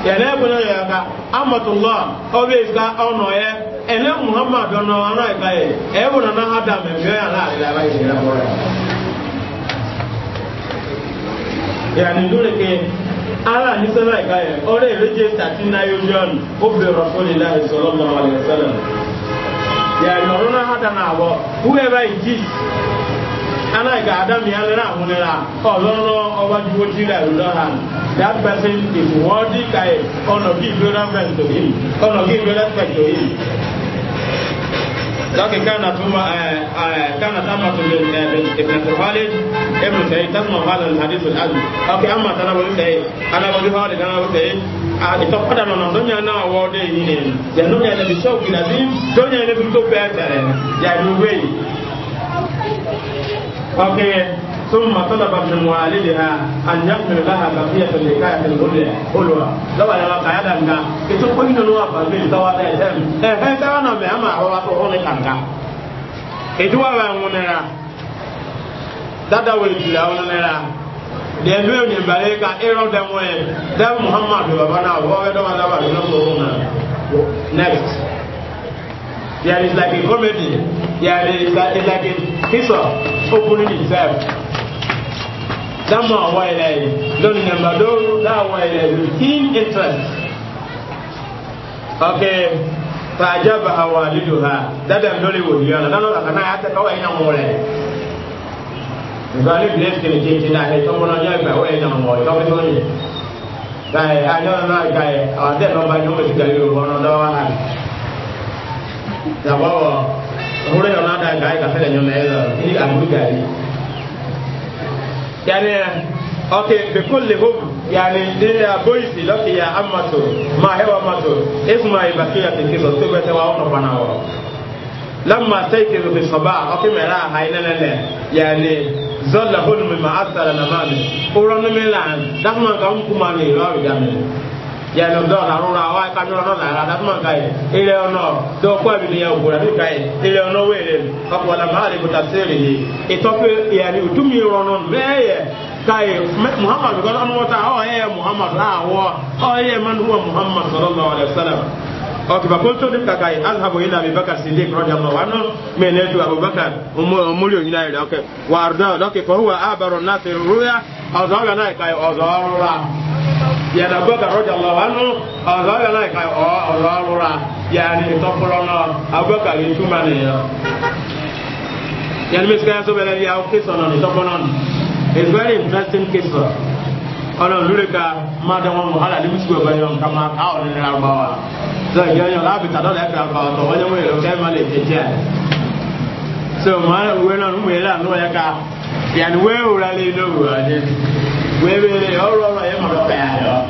yàrá ẹ̀bùn náà yàrá ká amatullah ọbẹ̀ ìka ọ̀nà yẹ ẹ̀lẹ́ muhammad ọ̀nà ọ̀nà ìka yẹ ẹ̀bùn e náà adam ẹ̀fẹ́ yàrá àrílá bá yẹ yàrá bọ́ra. yàrá nínú rẹ̀ kẹ́ ala ní sẹ́lá ìka yẹ ọ̀rẹ́ ìrẹ́jẹ tàtí ó bẹ̀rẹ̀ rọ̀fọ́lélá ìsọ̀lọ́mọ àlẹ́ anaika adam ya lera amunera ọlọrọ ọba ju wo tira lọ ha that person is worthy kai ọ̀nà kí ìlú reference to him ọ̀nà kí ìlú respect to him. لكن كانت هم كانت أمة ابنة خالد ابن سعيد تسمع هذا الحديث الأزل أوكي أما أنا بقول سعيد أنا بقول خالد أنا بقول سعيد ìtọ́padà lọ́nà tó yàn náà wọ́ ọdẹ yìí ni yàtọ̀ yàn lẹ́bi sọ́ọ̀kì làbí tó yàn lẹ́bi tó bẹ́ẹ̀ tẹ̀lẹ̀ yàtọ̀ wẹ̀yì okay ثم طلب من والدها ان يحمل لها بقيه الوقايه العليا لو انا وقع لنا كتو كل نوا فاميل توا ده هم اه ده انا ما ما هو هو كانكا ادوا وانونرا dada wejula ọlọlẹra dẹnu ẹni balẹ ka ẹrọ dẹmu ẹ dẹ muhammadu baba náà ọbẹ dọwọ dábàá lọsọ ọhún náà next. There is like a comedy. There is like, a like a kisser opening itself. Dama wa ilayi. Don't remember those that wa ilayi. Keen interest. Okay. Fajaba hawa lidu ha. Dada mdoli wo liana. Nano la kana hata kawa ina mwole. Nzali bless kini kiti na he tomo na nyoy ba wa ina mwole. Tomo tomo ni. Kai anyo na kai. Awade no ba nyomo sikali wo no dawa hali gabawa hore yana da gai ka sele nyome eza ni abu gari yani okay be kulli hub yani de ya boysi lati ya amato ma hewa mato isma ibakiya tikizo tobe tawa ono panawa لما استيقظ في الصباح أقيم لها هاينا يعني ظل هلم ما أثر نمامي أولا نمي لعن نحن كم كمان يراوي دامي yàrá ọdọ làrúra wa kàmi ọdọ làrá dàtúmọ káyé ilé ọ̀nà tó kọ́ ẹ̀mí ni ẹ̀wò rẹ̀ káyé ilé ọ̀nà wéèrè ọkọ̀ ọ̀là máa rẹ̀ bùtà sí rèé ìtọ́pẹ́ yàrá ìtumí rọrùn mẹ́ẹ̀yẹ káyé muhammadu gbọ́dọ̀ ọ̀nà wọ́ta ọ̀ ẹ̀yẹ muhammadu láàwọ̀ ọ̀ ẹ̀yẹ mẹ́nuwa muhammadu sallallahu alayhi wa sallam ok ba ko to de ka kai azhabu ila abi bakar siddiq radiyallahu anhu me ne to abu bakar umuri ina ira ok wa arda ok fa huwa abaru nas ruya azawa na kai azara yana abubakar rọjà lọ hánú ọ̀rọ̀ yọ náà ka ọ̀rọ̀ ọ̀rọ̀ yàrá ìtọ́kùrọ̀ náà abubakar yìí túmọ̀ nìyẹn yàrá mẹsìkà yàtọ̀ bẹ̀rẹ̀ yà ó náà ìtọ́kùrọ̀ náà it's very interesting kéṣọ̀ ọ̀nà lórí ka má dán wọn wàhálà ní bísí gbogbo ẹ̀yọ̀ nǹkan máa káwọn nínú arábáwá so ìyẹn láàbì tàdọ́ lẹ́ẹ̀kan àbáwọ̀ tó wọ́n yẹ wewe yoro la yema do paro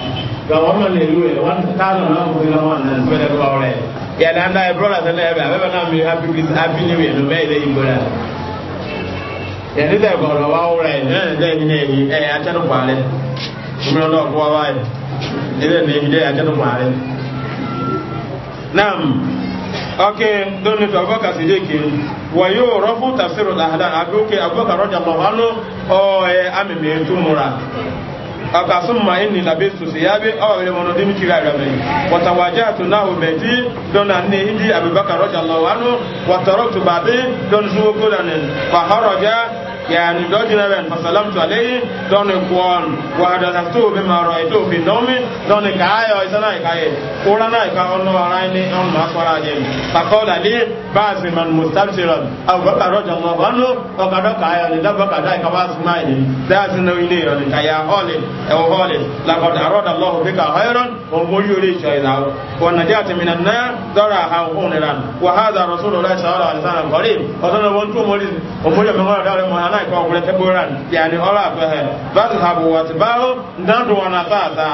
ga wono le ruwe wan ta no na ko la wan na ko la ko le ya na na brother se le ba ba na mi happy please happy new year no be le ingo la ya ni da ko la wa o le na da ni ne yi eh a ta no pa le mi no ko wa ba ni ne ni de a ta no pa le nam oke dole to agoka sidiki wa yurafu tafsiru al-ahlan abuke agoka radiyallahu a o ọ e, ameme tumura aka summa inni labistu siyabi aw wele mono dimi tira rabe wa tawajjahtu nahu beti dona ne hindi abubakar radiyallahu anhu babi don zuwo kodanen يعني دوجنا بن فسلمت عليه دون كون وحدثته بما رأيته في نومي دون كايا ويسنا كايا قولنا كأنه رأيني أن ما قراجم فقال لي بعض من مستبشرا أو بقى رجل الله عنه وقد كايا لدى بقى داي كباس مايني داس نويني كايا أولي أو أولي لقد أراد الله بك خيرا ومجيولي شايدا والنجاة من النار ذرا هاو وهذا رسول الله صلى الله عليه وسلم قريب وصلنا وانتو مريض ومجيولي من غير دار مهانا ana ikwa kulete buran yani ola fehe fadhhabu watbau ndandu wana sasa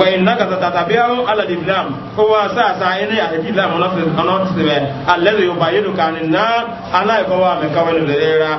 wa innaka satatabiau ala diblam kowa sasa ene ya diblam onotisibe alladhi yubayiduka aninnar ana ikwa wa mekawelulelera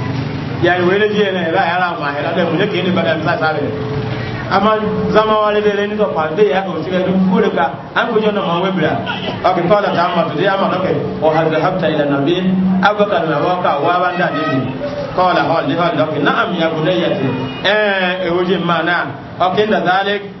ya wele je ne ra ara ma era de muje kini baga sa sa be ama zama wale de ni to pa de ya ko tiga du ko ka an ko jona ma webra o pa da ta ma de ama no ke o hal zahabta ila nabi abaka na wa ka wa ban da ni qala hal li hal na'am ya bunayati eh e woje mana o ke da zalik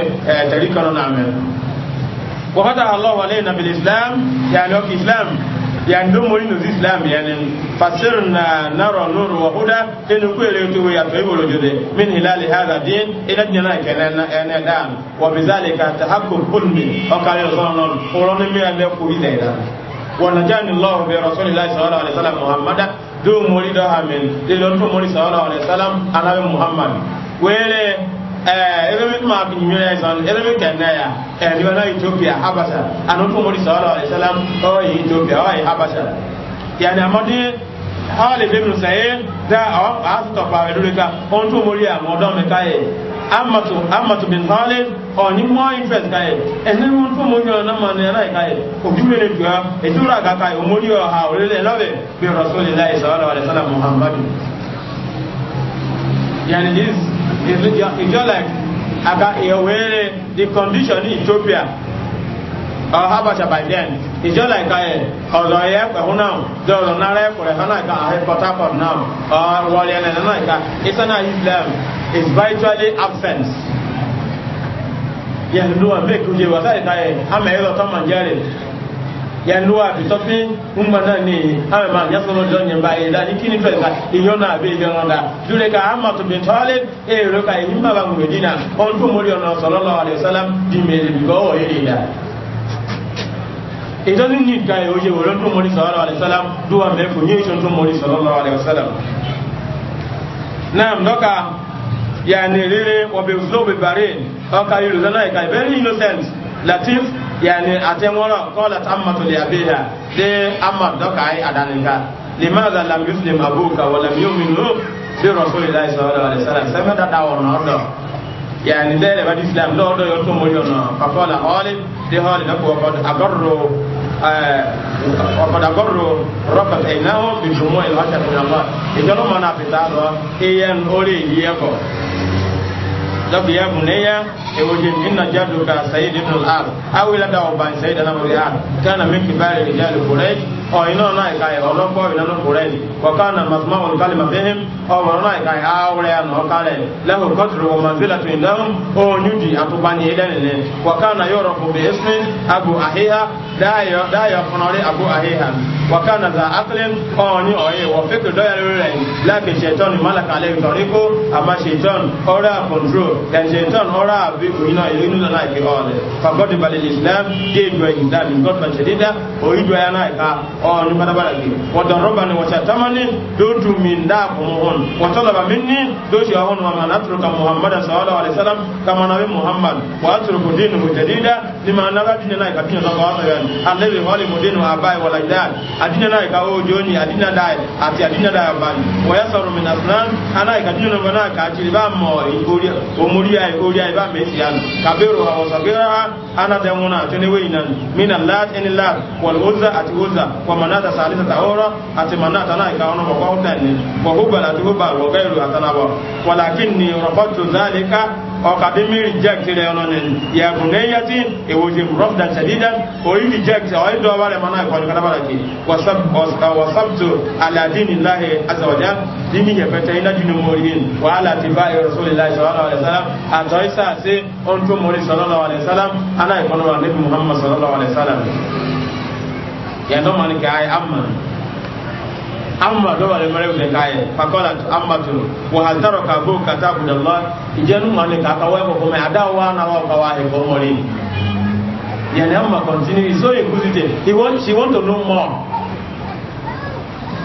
tẹ̀ríkà náà mẹ́ wọ́kátà allah wà lẹ́yìn nàbìlì islam yàní ọkì islam yàní ló mọ́rí nùsí islam yàní fasir na narọ̀ nùrù wàhúdá inú kú èrè tó wọ́n yàtọ̀ ìbòrò jùlẹ̀ min hilali hada dín iná dín náà kẹ́lẹ́ ẹ̀nẹ́ dáàn wà bí zálì ka ta hakù kúlmi ọkàlẹ̀ sọ́nà ọ̀rọ̀ ní mìíràn bẹ́ kú ilẹ̀ ìlà wọ́n na jáni lọ́wọ́ bí rasulillah sallallahu elemi eh, tuma fi nyuɛ zan elemi kɛnɛ ya ɛɛ n'i bɛ na ethiopia habasa ani tumori sɔɔlɔ alayisalam ɔɔ ye ethiopia ɔɔ ye habasa yanni amadi hali bi musa ye da ɔ a tɔ pa a lori ka ɔn tumori a mɔ dɔn mi ka ye amatu amatu bin hali ɔ ni mɔ interest ka ye ɛ ne mu tumori yɔ ne ma ne yɛrɛ ye ka ye o jugu ne jɔ etura ka ka ye o mori yɔ ha o lele lɔbi bi rɔsoli la ye sɔɔlɔ alayisalam muhammadu yanni this. It's, it's just like Aga the condition in Ethiopia or Habasha by then. It's just like ọ̀rọ̀ yẹ pẹ̀lú náà dọ̀rọ̀ náà rẹ̀ pẹ̀lú ẹ̀fọ́ náà ká àhẹ́ Port Harcourt náà or wọlé ẹ̀nà náà ká ìsànà Islam is virtually absent. Yẹ̀lú wa bẹ́ẹ̀ kúje wà sáyẹ̀ ká ẹ̀ hàmẹ́ ẹ̀rọ tọ́mọ̀ jẹ́rìí yaluwa bitopi umana ni ama yasolo jonye mbaye da ikini fenga iyona abe yonda dure ka amma to be tole e ro ka himma ba mu medina on to mori ona sallallahu alaihi wasallam di mere bi go o ire da e doesn't need guy oje wo to mori sallallahu alaihi wasallam duwa me ko ni e to mori sallallahu alaihi wasallam nam doka yani rere wa be uslo be bare o ka yulu zana e ka very innocent latif yani atengono qalat ammatu li abiha de amma doka ay adaninga limadha lam yuslim abuka wa lam yu'min bi rasulillahi sallallahu alaihi wasallam sama da dawo no do yani de le badi islam do do yoto mo yono fa qala halid de halid ko ko agarro eh ko agarro rabbat aynahu bi jumu'il hashar min allah ijalo mana bitalo iyan ori yeko donc ya bunayya e woje inna jadduka sayyidul ard awila da ban sayyidana bil ard kana min kibari rijal quraish ọ̀yìnà náà ìka ẹ̀ ọlọ́pọ̀ ìlànà kúrẹ́ ni kọ̀ọ̀ká na masmá wọn kálí ma fihim ọmọ náà ìka ẹ̀ àwòrẹ́ àná ọ̀ká rẹ̀ lẹ́hùn kọ́tùrù wọn máa fílà tún ìdáhùn òòyùn di àtúbani ẹlẹ́nìí kọ̀ọ̀ká na yóò rọ̀ fún bẹ́ẹ̀ sí abu àhíhá dáyọ̀ fúnọrí abu àhíhá kọ̀ọ̀ká na za asilin ọ̀ọ̀ni ọ̀yẹ́ wọ fíkì dọ́yẹ̀rẹ́ rẹ̀ láti ṣètọ́nù málàkà lẹ́yìn tọ́rí kó àmà ṣètọ́nù ọ̀rẹ́ àkọ́ńtró ẹ̀ ṣètọ́nù ọ̀rẹ́ àbí òyìnà ìlú ìlú náà ìfi ọ̀rẹ́ fagọ́dìbalẹ̀ islam dé ìdúrà ìdá mi gọ́dùn ṣèdídá òyìnbó ẹ̀ náà ìka on mana bara bi wa darabani wa shatamani do tu min da ko hon wa talaba minni do shi hon wa man atruka muhammad sallallahu alaihi wasallam kama nabi muhammad wa atruku dinu jadida lima naga dinu na ka tinu ka wa yan allahi wali mudinu abai wala dan adina na ka o joni adina dai ati adina dai abai wa yasaru min asnan ana ka dinu na ka ajiri ba mo igori o muri ai ori ba mesi yani, kabiru ha sabira ana demuna tenewe inan min allah eni allah wal uzza ati uzza ومنات ثالثة أورا أتي منات أنا كأنا مقاوم تاني وهو بلا تهبا وغيره أتنابا ولكني رفضت ذلك ọkàdé mi reject rẹ ọ̀nà ni yàgùn lẹ́yàtì ìwòjì rọ́fdà ṣẹ̀dídà òyì reject ọ̀yì dọ̀wà rẹ̀ mọ́nà ìkọ̀lù kálábàrà kì wọ́sàbtò aládìní láhẹ azọ̀já nínú yẹ̀pẹ̀tẹ̀ iná dínú mọ́rin wàhálà ti bá ìrọ̀sọ́lẹ̀ láì sọ̀rọ̀ alẹ́ sálám àtọ́ ìsà sí ohun tó mọ́rin sọ̀rọ̀ alẹ́ sálám aláìkọ́nà muhammad sọ̀rọ̀ alẹ́ sálám yẹn dɔ mɔni k'a ye Amma ama dɔ b'ale mɛrɛ wuli k'a ye fakɔla ama tun wa a taara ka bɔ ka taa budalɔ jɛnu mɔni k'a ka wɛbɔ kɔmɛ a da waa na waa ka waa ye bɔ mɔni yɛn so ye he want she want to know more.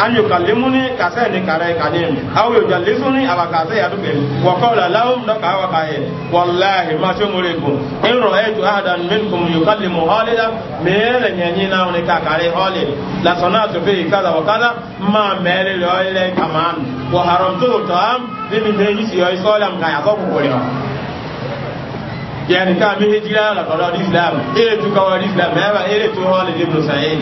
an yi kallimu ni ka sai ni kare ka ne mi aw yi jallisu ni awa ka sai ya duke wa kawla lahum da ka awa kaye wallahi ma shi mure kun in ra'aytu ahadan minkum yukallimu halida mere nyanyi na wani ka kare halid la sanatu fi kaza wa kaza ma mere lo ile kaman wa haramtu ta'am bibi de yi si yo isolam ka ya ko ko le mi hijira la kala islam ere tu kawari islam ba ere tu halid ibn sa'id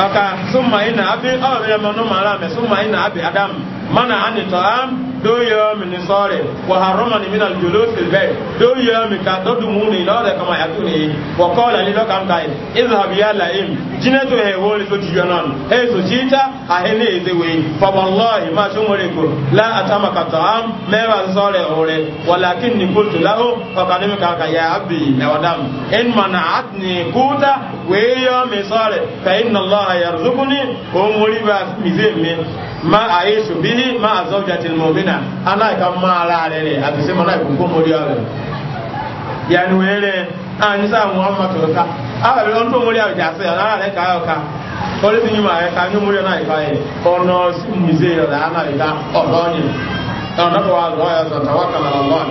aka summa ina abi awa oh, bɛ yɛlɛma n'o ma ala mɛ summa ina abi adamu mana ani ta'am do yo min sare wa haramani min al-julus fil bayt do yo mi ka do du muni lo da kama yakuni wa qala li lokam kai izhab ya la'im jina to he wori so ti yonan he so jita a he ne ze we fa wallahi ma so more ko la atama ka ta'am me wa sare ore walakin ni qultu lahu fa kadim ka ka ya abdi me wadam in mana'atni quta we yo mi sare fa inna allaha yarzuquni o mori ba mi ze mi ma aishu bi mu'mini máa zawjatil mu'mina aláìka máa ara rẹ̀ rẹ̀ àti sí mọ́lá ìkókó mórí ọ̀rẹ́ yanu ẹ̀rẹ́ àníṣà muhammad ọ̀ka àwẹ̀rẹ̀ ọ̀n tó mórí ọ̀jà sí ọ̀nà rẹ̀ ká ọ̀ka kọ́lé ti yíma ẹ̀ka ní mórí ọ̀nà ìka yẹ ọ̀nà sí mùsẹ̀ ọ̀dà anáìka ọ̀dọ́ ọ̀nyẹ̀ ọ̀nà tó wà lọ́yọ̀ sọ̀tàwákàlà lọ́ọ̀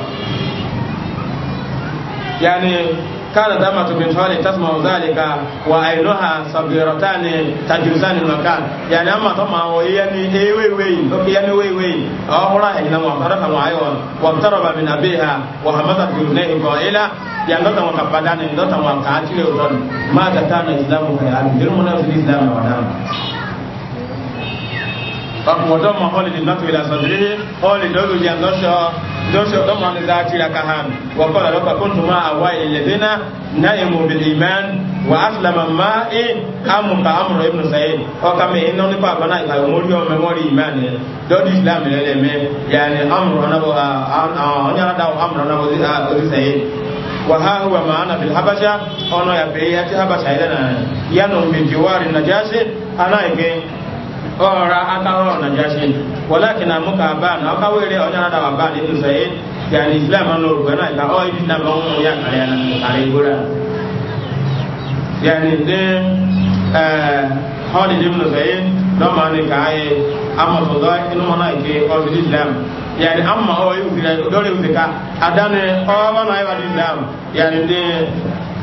كانت أمة بنت هالي تسمع ذلك وعينها صغيرتان تجوزان المكان يعني أما طمع يعني إيه وي وي يعني وي وي أهلا إنما واعترف معيون واقترب من أبيها وهمزت بجنيه قائلة يعني دوتا مكبدان دوتا مكاتل ما تتان إسلامه يعني المنافق الإسلام ودام ọkùnkọ̀tọ́ mọ̀ họ́lì dì náà fìlà sọ̀dúrí họ́lì dọ́rù yà lọ́ṣọ́ lọ́ṣọ́ lọ́mọ ní dáàtì ra kahan wọ́kọ́ lọ́kọ́ kó tún máa wá ilẹ̀ dínà náà èmù bil iman wà á sìlámà má é àmù ka àmùrọ̀ ibùn sẹ́yìn ọkà mi iná nípa àbáná ìgbà mórí ọmọ mọ́rí iman ni dọ́dí islam lẹ́lẹ̀ mi yàní àmùrọ̀ náà ọ̀nyáradà وها هو معنا في الحبشة أنا يبيعت حبشة لنا ينم بجوار النجاشي أنا يبيع ọra aka ọrụ na jashi walakin na muka ban ọka were onye na dawa ban ibn ya ni islam ọnụ orugbe na ka ọ na ya kara ya na ya ni ndị ọdị ibn sa'id dọma ni ka anyị inú mọna ike ọdịdị islam yani amma ọ yi wuri dole wuri ka adane ọ ọ na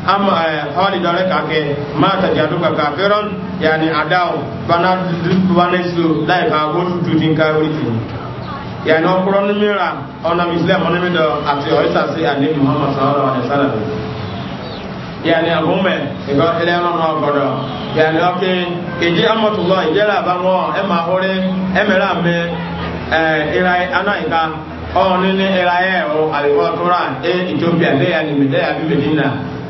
am hali dare ka ke mata jadu ka kafiron yani adaw bana bana su dai ka go tutin ka wuri yani okoro ni mira ona islam ona mi do ati o isa si ani muhammad sallallahu alaihi wasallam yani ele no yani amatullah e ma hore e mera me eh ethiopia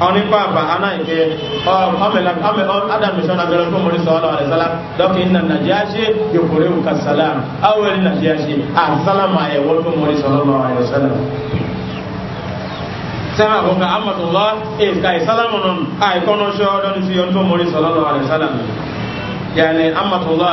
ọni pàpà anáìké adamisọ́nà bẹ̀rẹ̀ fún mọ́rí sọ́ọ́lọ́ àrẹsálá dọ́kì iná nàjíyàṣe yòkòrè òkà sálàm awẹ́rí nàjíyàṣe àsálàmà ẹ̀wọ́ fún mọ́rí sọ́ọ́lọ́ àrẹsálá sẹ́nà àkọ́kọ́ amọ̀tòlá èkà ìsálàmù náà àìkọ́nọ́ṣọ́ ọdọ́ni sí ọdún mọ́rí sọ́ọ́lọ́ àrẹsálá yàní amọ̀tòlá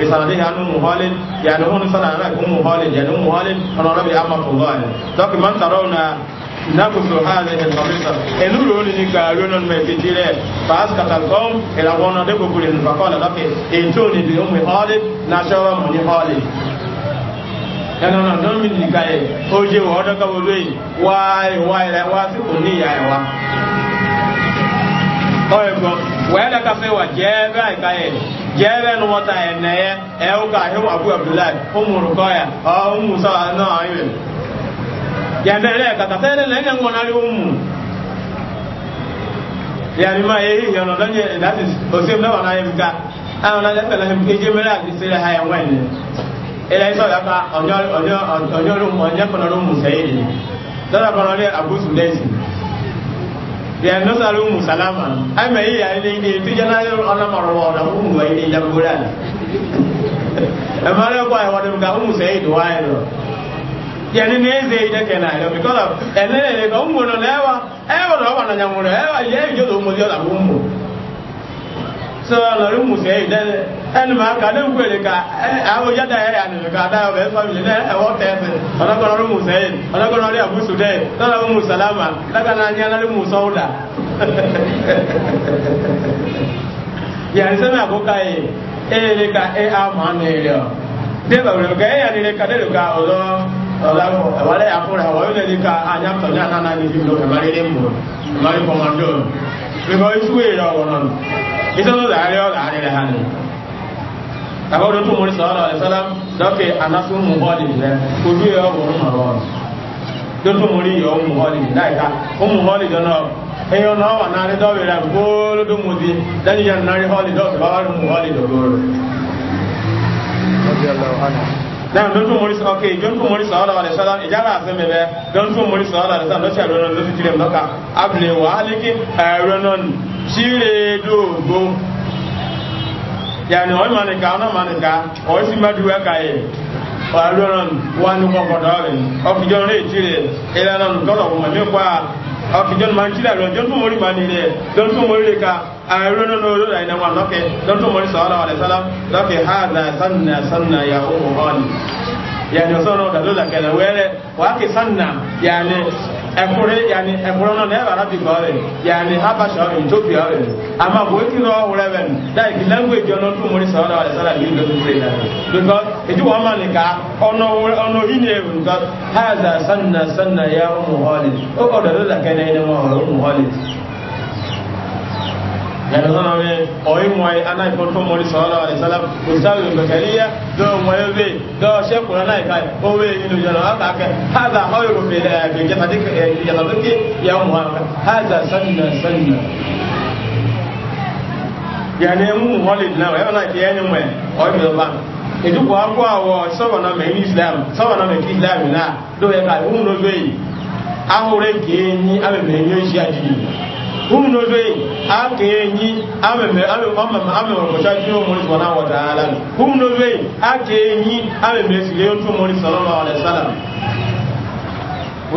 بسنده عن أم خالد يعني هون سنة عن أم خالد يعني أم خالد أنا ربي أمة الله لكن من ترون نقص هذه القميصة إن لون نكالون ما كتير فأسكت القوم إلى غنى دبوبل فقال لك إتوني بأم خالد نشر من خالد ẹnu ọ̀nà tó ń mi nìkan yẹ ó ṣe wọ́n ọdọ́kọ̀ wọlé wáyé wáyé wá sí kò ní ìyá ẹ̀ wá oye ko wɛɛlɛ ka se wa jɛɛbɛ ayi ka yɛ jɛɛbɛ ni wɔ ta yɛ nɛyɛ ka ahi abu abdulayi umuru kɔya ɔ umu anɔ ayi wɛ lɛ ka ta lɛ ŋa ŋɔnari umu yàrá ma ye yɔnɔ dɔn yɛ that is osem ne wana yɛ mi ka awo na lɛ fɛlɛ mi lɛ a se lɛ ha yɛ wɛn lɛ ɛlɛ sɔ yɛ ka ɔnyɔ ɔnyɔ ɔnyɔ ɔnyɔ kɔnɔ do mu sɛ yɛ lɛ dɔlɔ kɔnɔ lɛ abu sudɛsi ya nasaru mu salama ai mai ya ile ne tu jana yo ona marwa da mu mai ne da gura ne amma ne kwa wa da ga mu sai do ai do ya ne ne zai da kana yo because of ene eh, ne ga mu no lewa e wa do wa na nyamu lewa ye yo do mu yo da mu so la mu sai da ẹnu máa kà lẹ́nu pèlè ká àwọn yàda ẹ̀yà nìlú ká dáa ọ̀bẹ ẹ̀fọ́ mi lẹ́ ẹ̀wọ́ kẹfẹ́ ọ̀dọ́kọ̀nà rí mùsẹ́yìn ọ̀dọ́kọ̀nà rí àbúsù dẹ́ tọ́lá rí mùsàlámà lákàtà ní alẹ́ mùsọ́ ọ̀dà. [laughs] yàrá sẹ́mi àkókò yìí ẹ̀yẹ̀lẹ̀ ká ẹ̀ á máa nà ẹ̀rẹ̀ ọ̀ débà wẹ̀rẹ̀ ká ẹ̀yà nílẹ̀ ká dẹ́rẹ̀ ká ọ̀dọ́ ọ̀làwọ̀ ẹ̀wọ̀lẹ̀ àkúrẹ̀ àwọn ilẹ̀ ní ká anyátọ̀ ní àná náà ní ìlú ẹ̀mọ́lẹ́lẹ́ mọ̀ ẹ̀mọ́lẹ́ kọ́mọdún. ìgbà ìṣúwèé rẹ̀ ọ̀wọ̀ náà ìṣẹ́ ló làárẹ̀ ọ̀ làárẹ̀ rẹ̀ hàn ní àbáwọ̀dọ̀ tó mọ́rí sọ́rọ̀ àlẹ́sọ́lá lọ́kẹ̀ anáfún mọ̀họ́lì rẹ̀ ojú ẹ̀ ọ̀rùn mọ̀rọ̀ tó tó mọ́rí yọ mọ̀họ́lì láìka ó mọ̀họ́lì jọ náà ẹ̀yọ́ náà wà náà rí dọ́wẹ̀ rẹ̀ gbóòlódó mu di lẹ́yìn yẹn náà rí họ́lì dọ́wẹ̀ bá rí mọ̀họ́lì lọ́gbọ̀rọ̀ náà ló tún mọ́rí sọ́ọ́kẹ́ ìjọ tún mọ́rí sọ́ọ́lọ́ àlẹ́sọ́lá ìjára àfẹ́mẹ́ bẹ́ẹ̀ ló tún mọ́rí sọ́ọ́lọ́ àlẹ́sọ́lá lọ́sí àlọ́nà ló fi tirẹ̀ mọ́ka abùlé wàhálíkì ẹ̀rọ náà ṣíre dògbò yani ɔyi mani ka ɔna mani ka ɔyi si ma duwe ka ye ɔyadɔ nɔ wani kɔkɔdɔ ɔbi ɔfijɔ nɔ eti le ɛlɛ nɔ nkɔlɔ kɔmɔ mi kɔ a ɔfijɔ nɔ mantsi la lɔ jɔn tó mori ma ni le jɔn tó mori le ka ayɔlɔ nɔ n'olu la yinɛ wa lɔkɛ jɔn tó mori sɔɔla wa lɛsala lɔkɛ ha na sanna sanna ya o mɔ hɔni yani ɔsɔn nɔ la kɛlɛ wɛrɛ wa ke sanna yani ɛkure yani ɛkure no ne bara bi gɔre yani habasha ɔre ethiopia ɔre ama weki no ɔwura bɛ like language ɔno tó mo ní sɔrɔ ɔre àbí ìlú tó kúrè náà because ètí wọn máa ní ká ɔnà ɔnà yìí ni because haza sanna sanna ya ɔmu hɔli ó kọ̀ dọ̀dọ̀ dàkẹ́ ní ɛni wọn ɔmu hɔli nana zana we oyi moyi ana ko to mori sallallahu alaihi wasallam usawi bakariya do moyi we do she ko na kai o we inu jana aka ka hada khairu fi fi jasadika ya jasadiki ya muhammad hada sanna sanna yani mu holid na ya na ke yani mu oyi mi ba edu ko akwa awo sawa na me islam sawa na islam na do ya ka unu no we ahore ke ni abe me nyo hunu doyi aka enyi amemọ̀kọ̀ṣá tí ó mọ̀rí sọ̀rọ̀ àwọn tààlà hunu doyi aka enyi amemọ̀sílẹ̀ tó mọ̀rí sọ̀rọ̀ àwọn alẹ́sàlàmù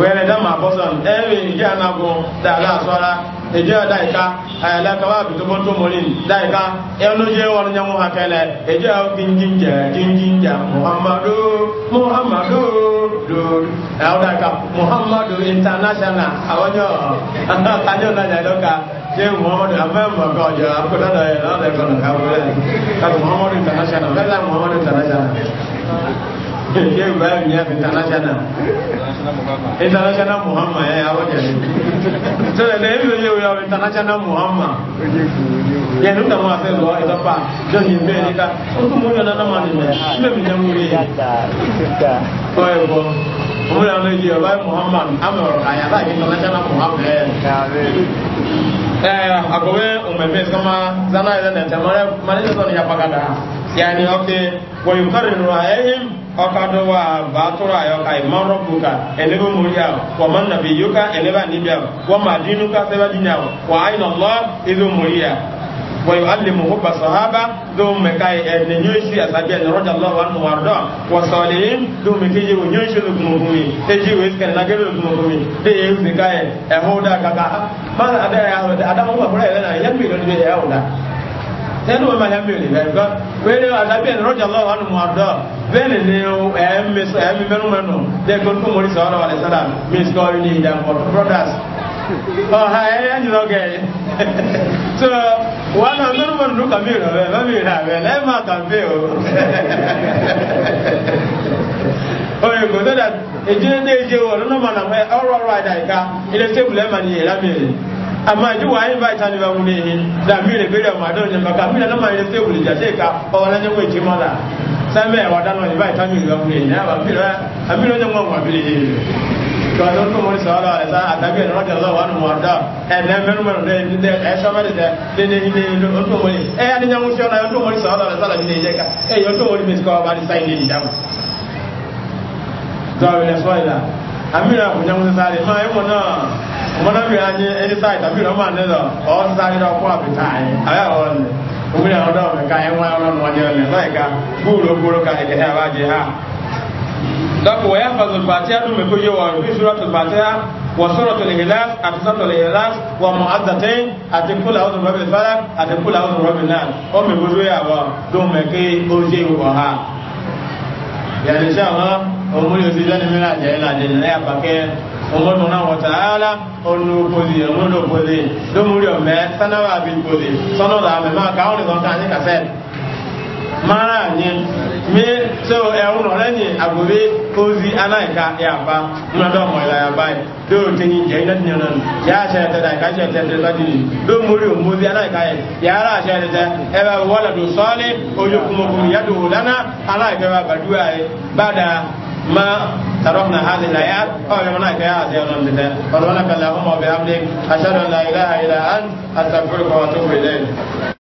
wẹ́rẹ́ dá máa bọ́ sọ̀n ẹ̀rẹ́ ìjẹ́ anago dáadáa sọ́ra ìjẹ́ dáìka ayẹlẹ́ kaba bìtú dáìka ẹnujẹ́ wọn nyẹ́ mú hakẹ́lẹ́ ìjẹ́ kíngíngẹ́ kíngíngẹ́ muhammadu muhammadu lórí muhammadu international àwọn yóò náà yẹ lọ́ka ṣé muhammadu afẹ́mọ̀ kọ́ ọjọ́ akọ́dọ̀ yẹ lọ́dẹ̀ kọ́nà káwé muhammadu international shehu ibrahim ya fi international international muhammad ya yawo jẹni sọ́dọ̀ ní ẹ̀rọ yóò yọ international muhammad yẹ ní ìtàwọn afẹ́ lọ ìtọ́pá jọ́sí ìgbé ẹ̀ríká ó tún mú yọ̀nà náà mà nílẹ̀ ilé mi jẹun rí kọ́ ẹ̀kọ́ òmúra ló yẹ ọba muhammad amọ̀rọ̀ àyàbá yìí international muhammad ẹ̀ àkọ́wé òmùẹ̀fẹ́ sọ́mà zanayẹ̀lẹ̀ nẹ̀tẹ̀ mọ́rẹ́ mọ́rẹ́ sọ́ni yàpá kàdà yàní ọkẹ́ wọ̀nyí kọ́rin rọ̀ ẹ̀yìn ɔkadɔ wa baatɔrɔ a yɔka ye man rɔbu ka ɛnɛ bɛ mori yan wa man nabi yo ka ɛnɛ bɛ anibi yan wa maa dinu ka sɛbɛ di yan wa ayi na lɔ i bɛ mori yan wa yu ali mu ba sahaba dɔw mɛ ka ye ɛnɛ nyɔnsi asabi ɛnɛ rɔja lɔ wa nu wari dɔn wa sɔɔli dɔw mɛ k'e ye o nyɔnsi lɛ kuma kumi e ji o esikɛlɛ na k'e lɛ kuma de ye ewu ka ye ɛhɔn da ka ma ada yɛ adama wa fɔlɔ yɛlɛ na yɛ mi lɛ sẹ́nu wọn máa yẹ́mí rẹ̀ ẹ̀kọ́ wẹ́rẹ́ àdábíyẹ̀ ní rọ́jà lọ́wọ́ wọn mọ̀ ọ̀dọ́ bẹ́ẹ̀ ni ẹ̀mí mẹ́nu mẹ́nu lẹ́kọ́ tó mọ̀ ní sọ̀rọ̀ wà lẹ́sẹ̀dá mi sọ ní ìdàpọ̀ brothers ọ̀hà ẹ̀yẹ́ ń jùlọ gẹ̀ [laughs] so wọn náà mẹ́nu mẹ́nu ló kàmí rẹ̀ bẹ́ẹ̀ mẹ́mí rẹ̀ bẹ́ẹ̀ lẹ́ẹ̀ máa kàmí o [laughs] oye kò tó dà èjì ní dé èjì wọn nínú mọ̀ náà ọ̀rọ̀ ọ̀rọ̀ àdàyíká ilé tébùlẹ̀ mà ní ìyẹ̀lá mi amma ji wa ba ta ni ba mu ne da mi re bere ma do ne ba ka mi na ma re se wuli ja se ka o na ne ko ji ma la sa me wa da no ba ta ni ba mu ne na ba mi ra a mi ro ne mo ma bi re to a don ko mo sa ala sa a ta bi na ga la wa no wa da e ne me no me no de de e sa ma de de de ne ni lo to mo ni e ya ni nya mu se na to mo sa ala sa la ni ne je ka e yo to mo ni mi ko ba ni sai ni da mu Zawele soila amira kunya mun sare ma yi mona mona bi anye any side amira ma ne da o sare da kwa bi tai aya on umira odo me ka e wa ona no je ne sai ka buru buru ka e ha waje ha dako ya fazul fatiha dum ko yo wa fi suratul fatiha wa suratul ikhlas at suratul ikhlas wa mu'azzatain at kul a'udhu bi rabbil falaq at kul a'udhu bi rabbin nas o me buru ya wa dum me ke o je wa ha يعني إن شاء الله أمور يزيدان من أجل أجل لا يبقى ọmọ tó náà wọ̀ta ààlá ọ̀nà òkòdì ẹ̀mọ́nà òkòdì lómúrí ọ̀mẹ́ sánáwà àbí òkòdì sọ́nà ọ̀dà àmẹ́má káwọn ìgbọ̀n ká ní kàfẹ́ mara nye me so ɛwun ɔrɛ ni agobe ozi anayika yaba nnadɔ mɔyila yaba yi do tenyi jɛ ina tinyɛ nanu yaa sɛ ɛtɛ da ika sɛ ɛtɛ tɛ ba dini do mori o mozi anayika yi yaara sɛ ɛtɛ tɛ ɛbɛ wɔlɔ do sɔɔli oyo kumokumu yadu o lana anayika ba badu ya ye bada ma تركنا هذه الآيات أو يمنع فيها هذه الأمثلة سبحانك اللهم وبحمدك أشهد أن لا إله إلا أنت أستغفرك وأتوب إليك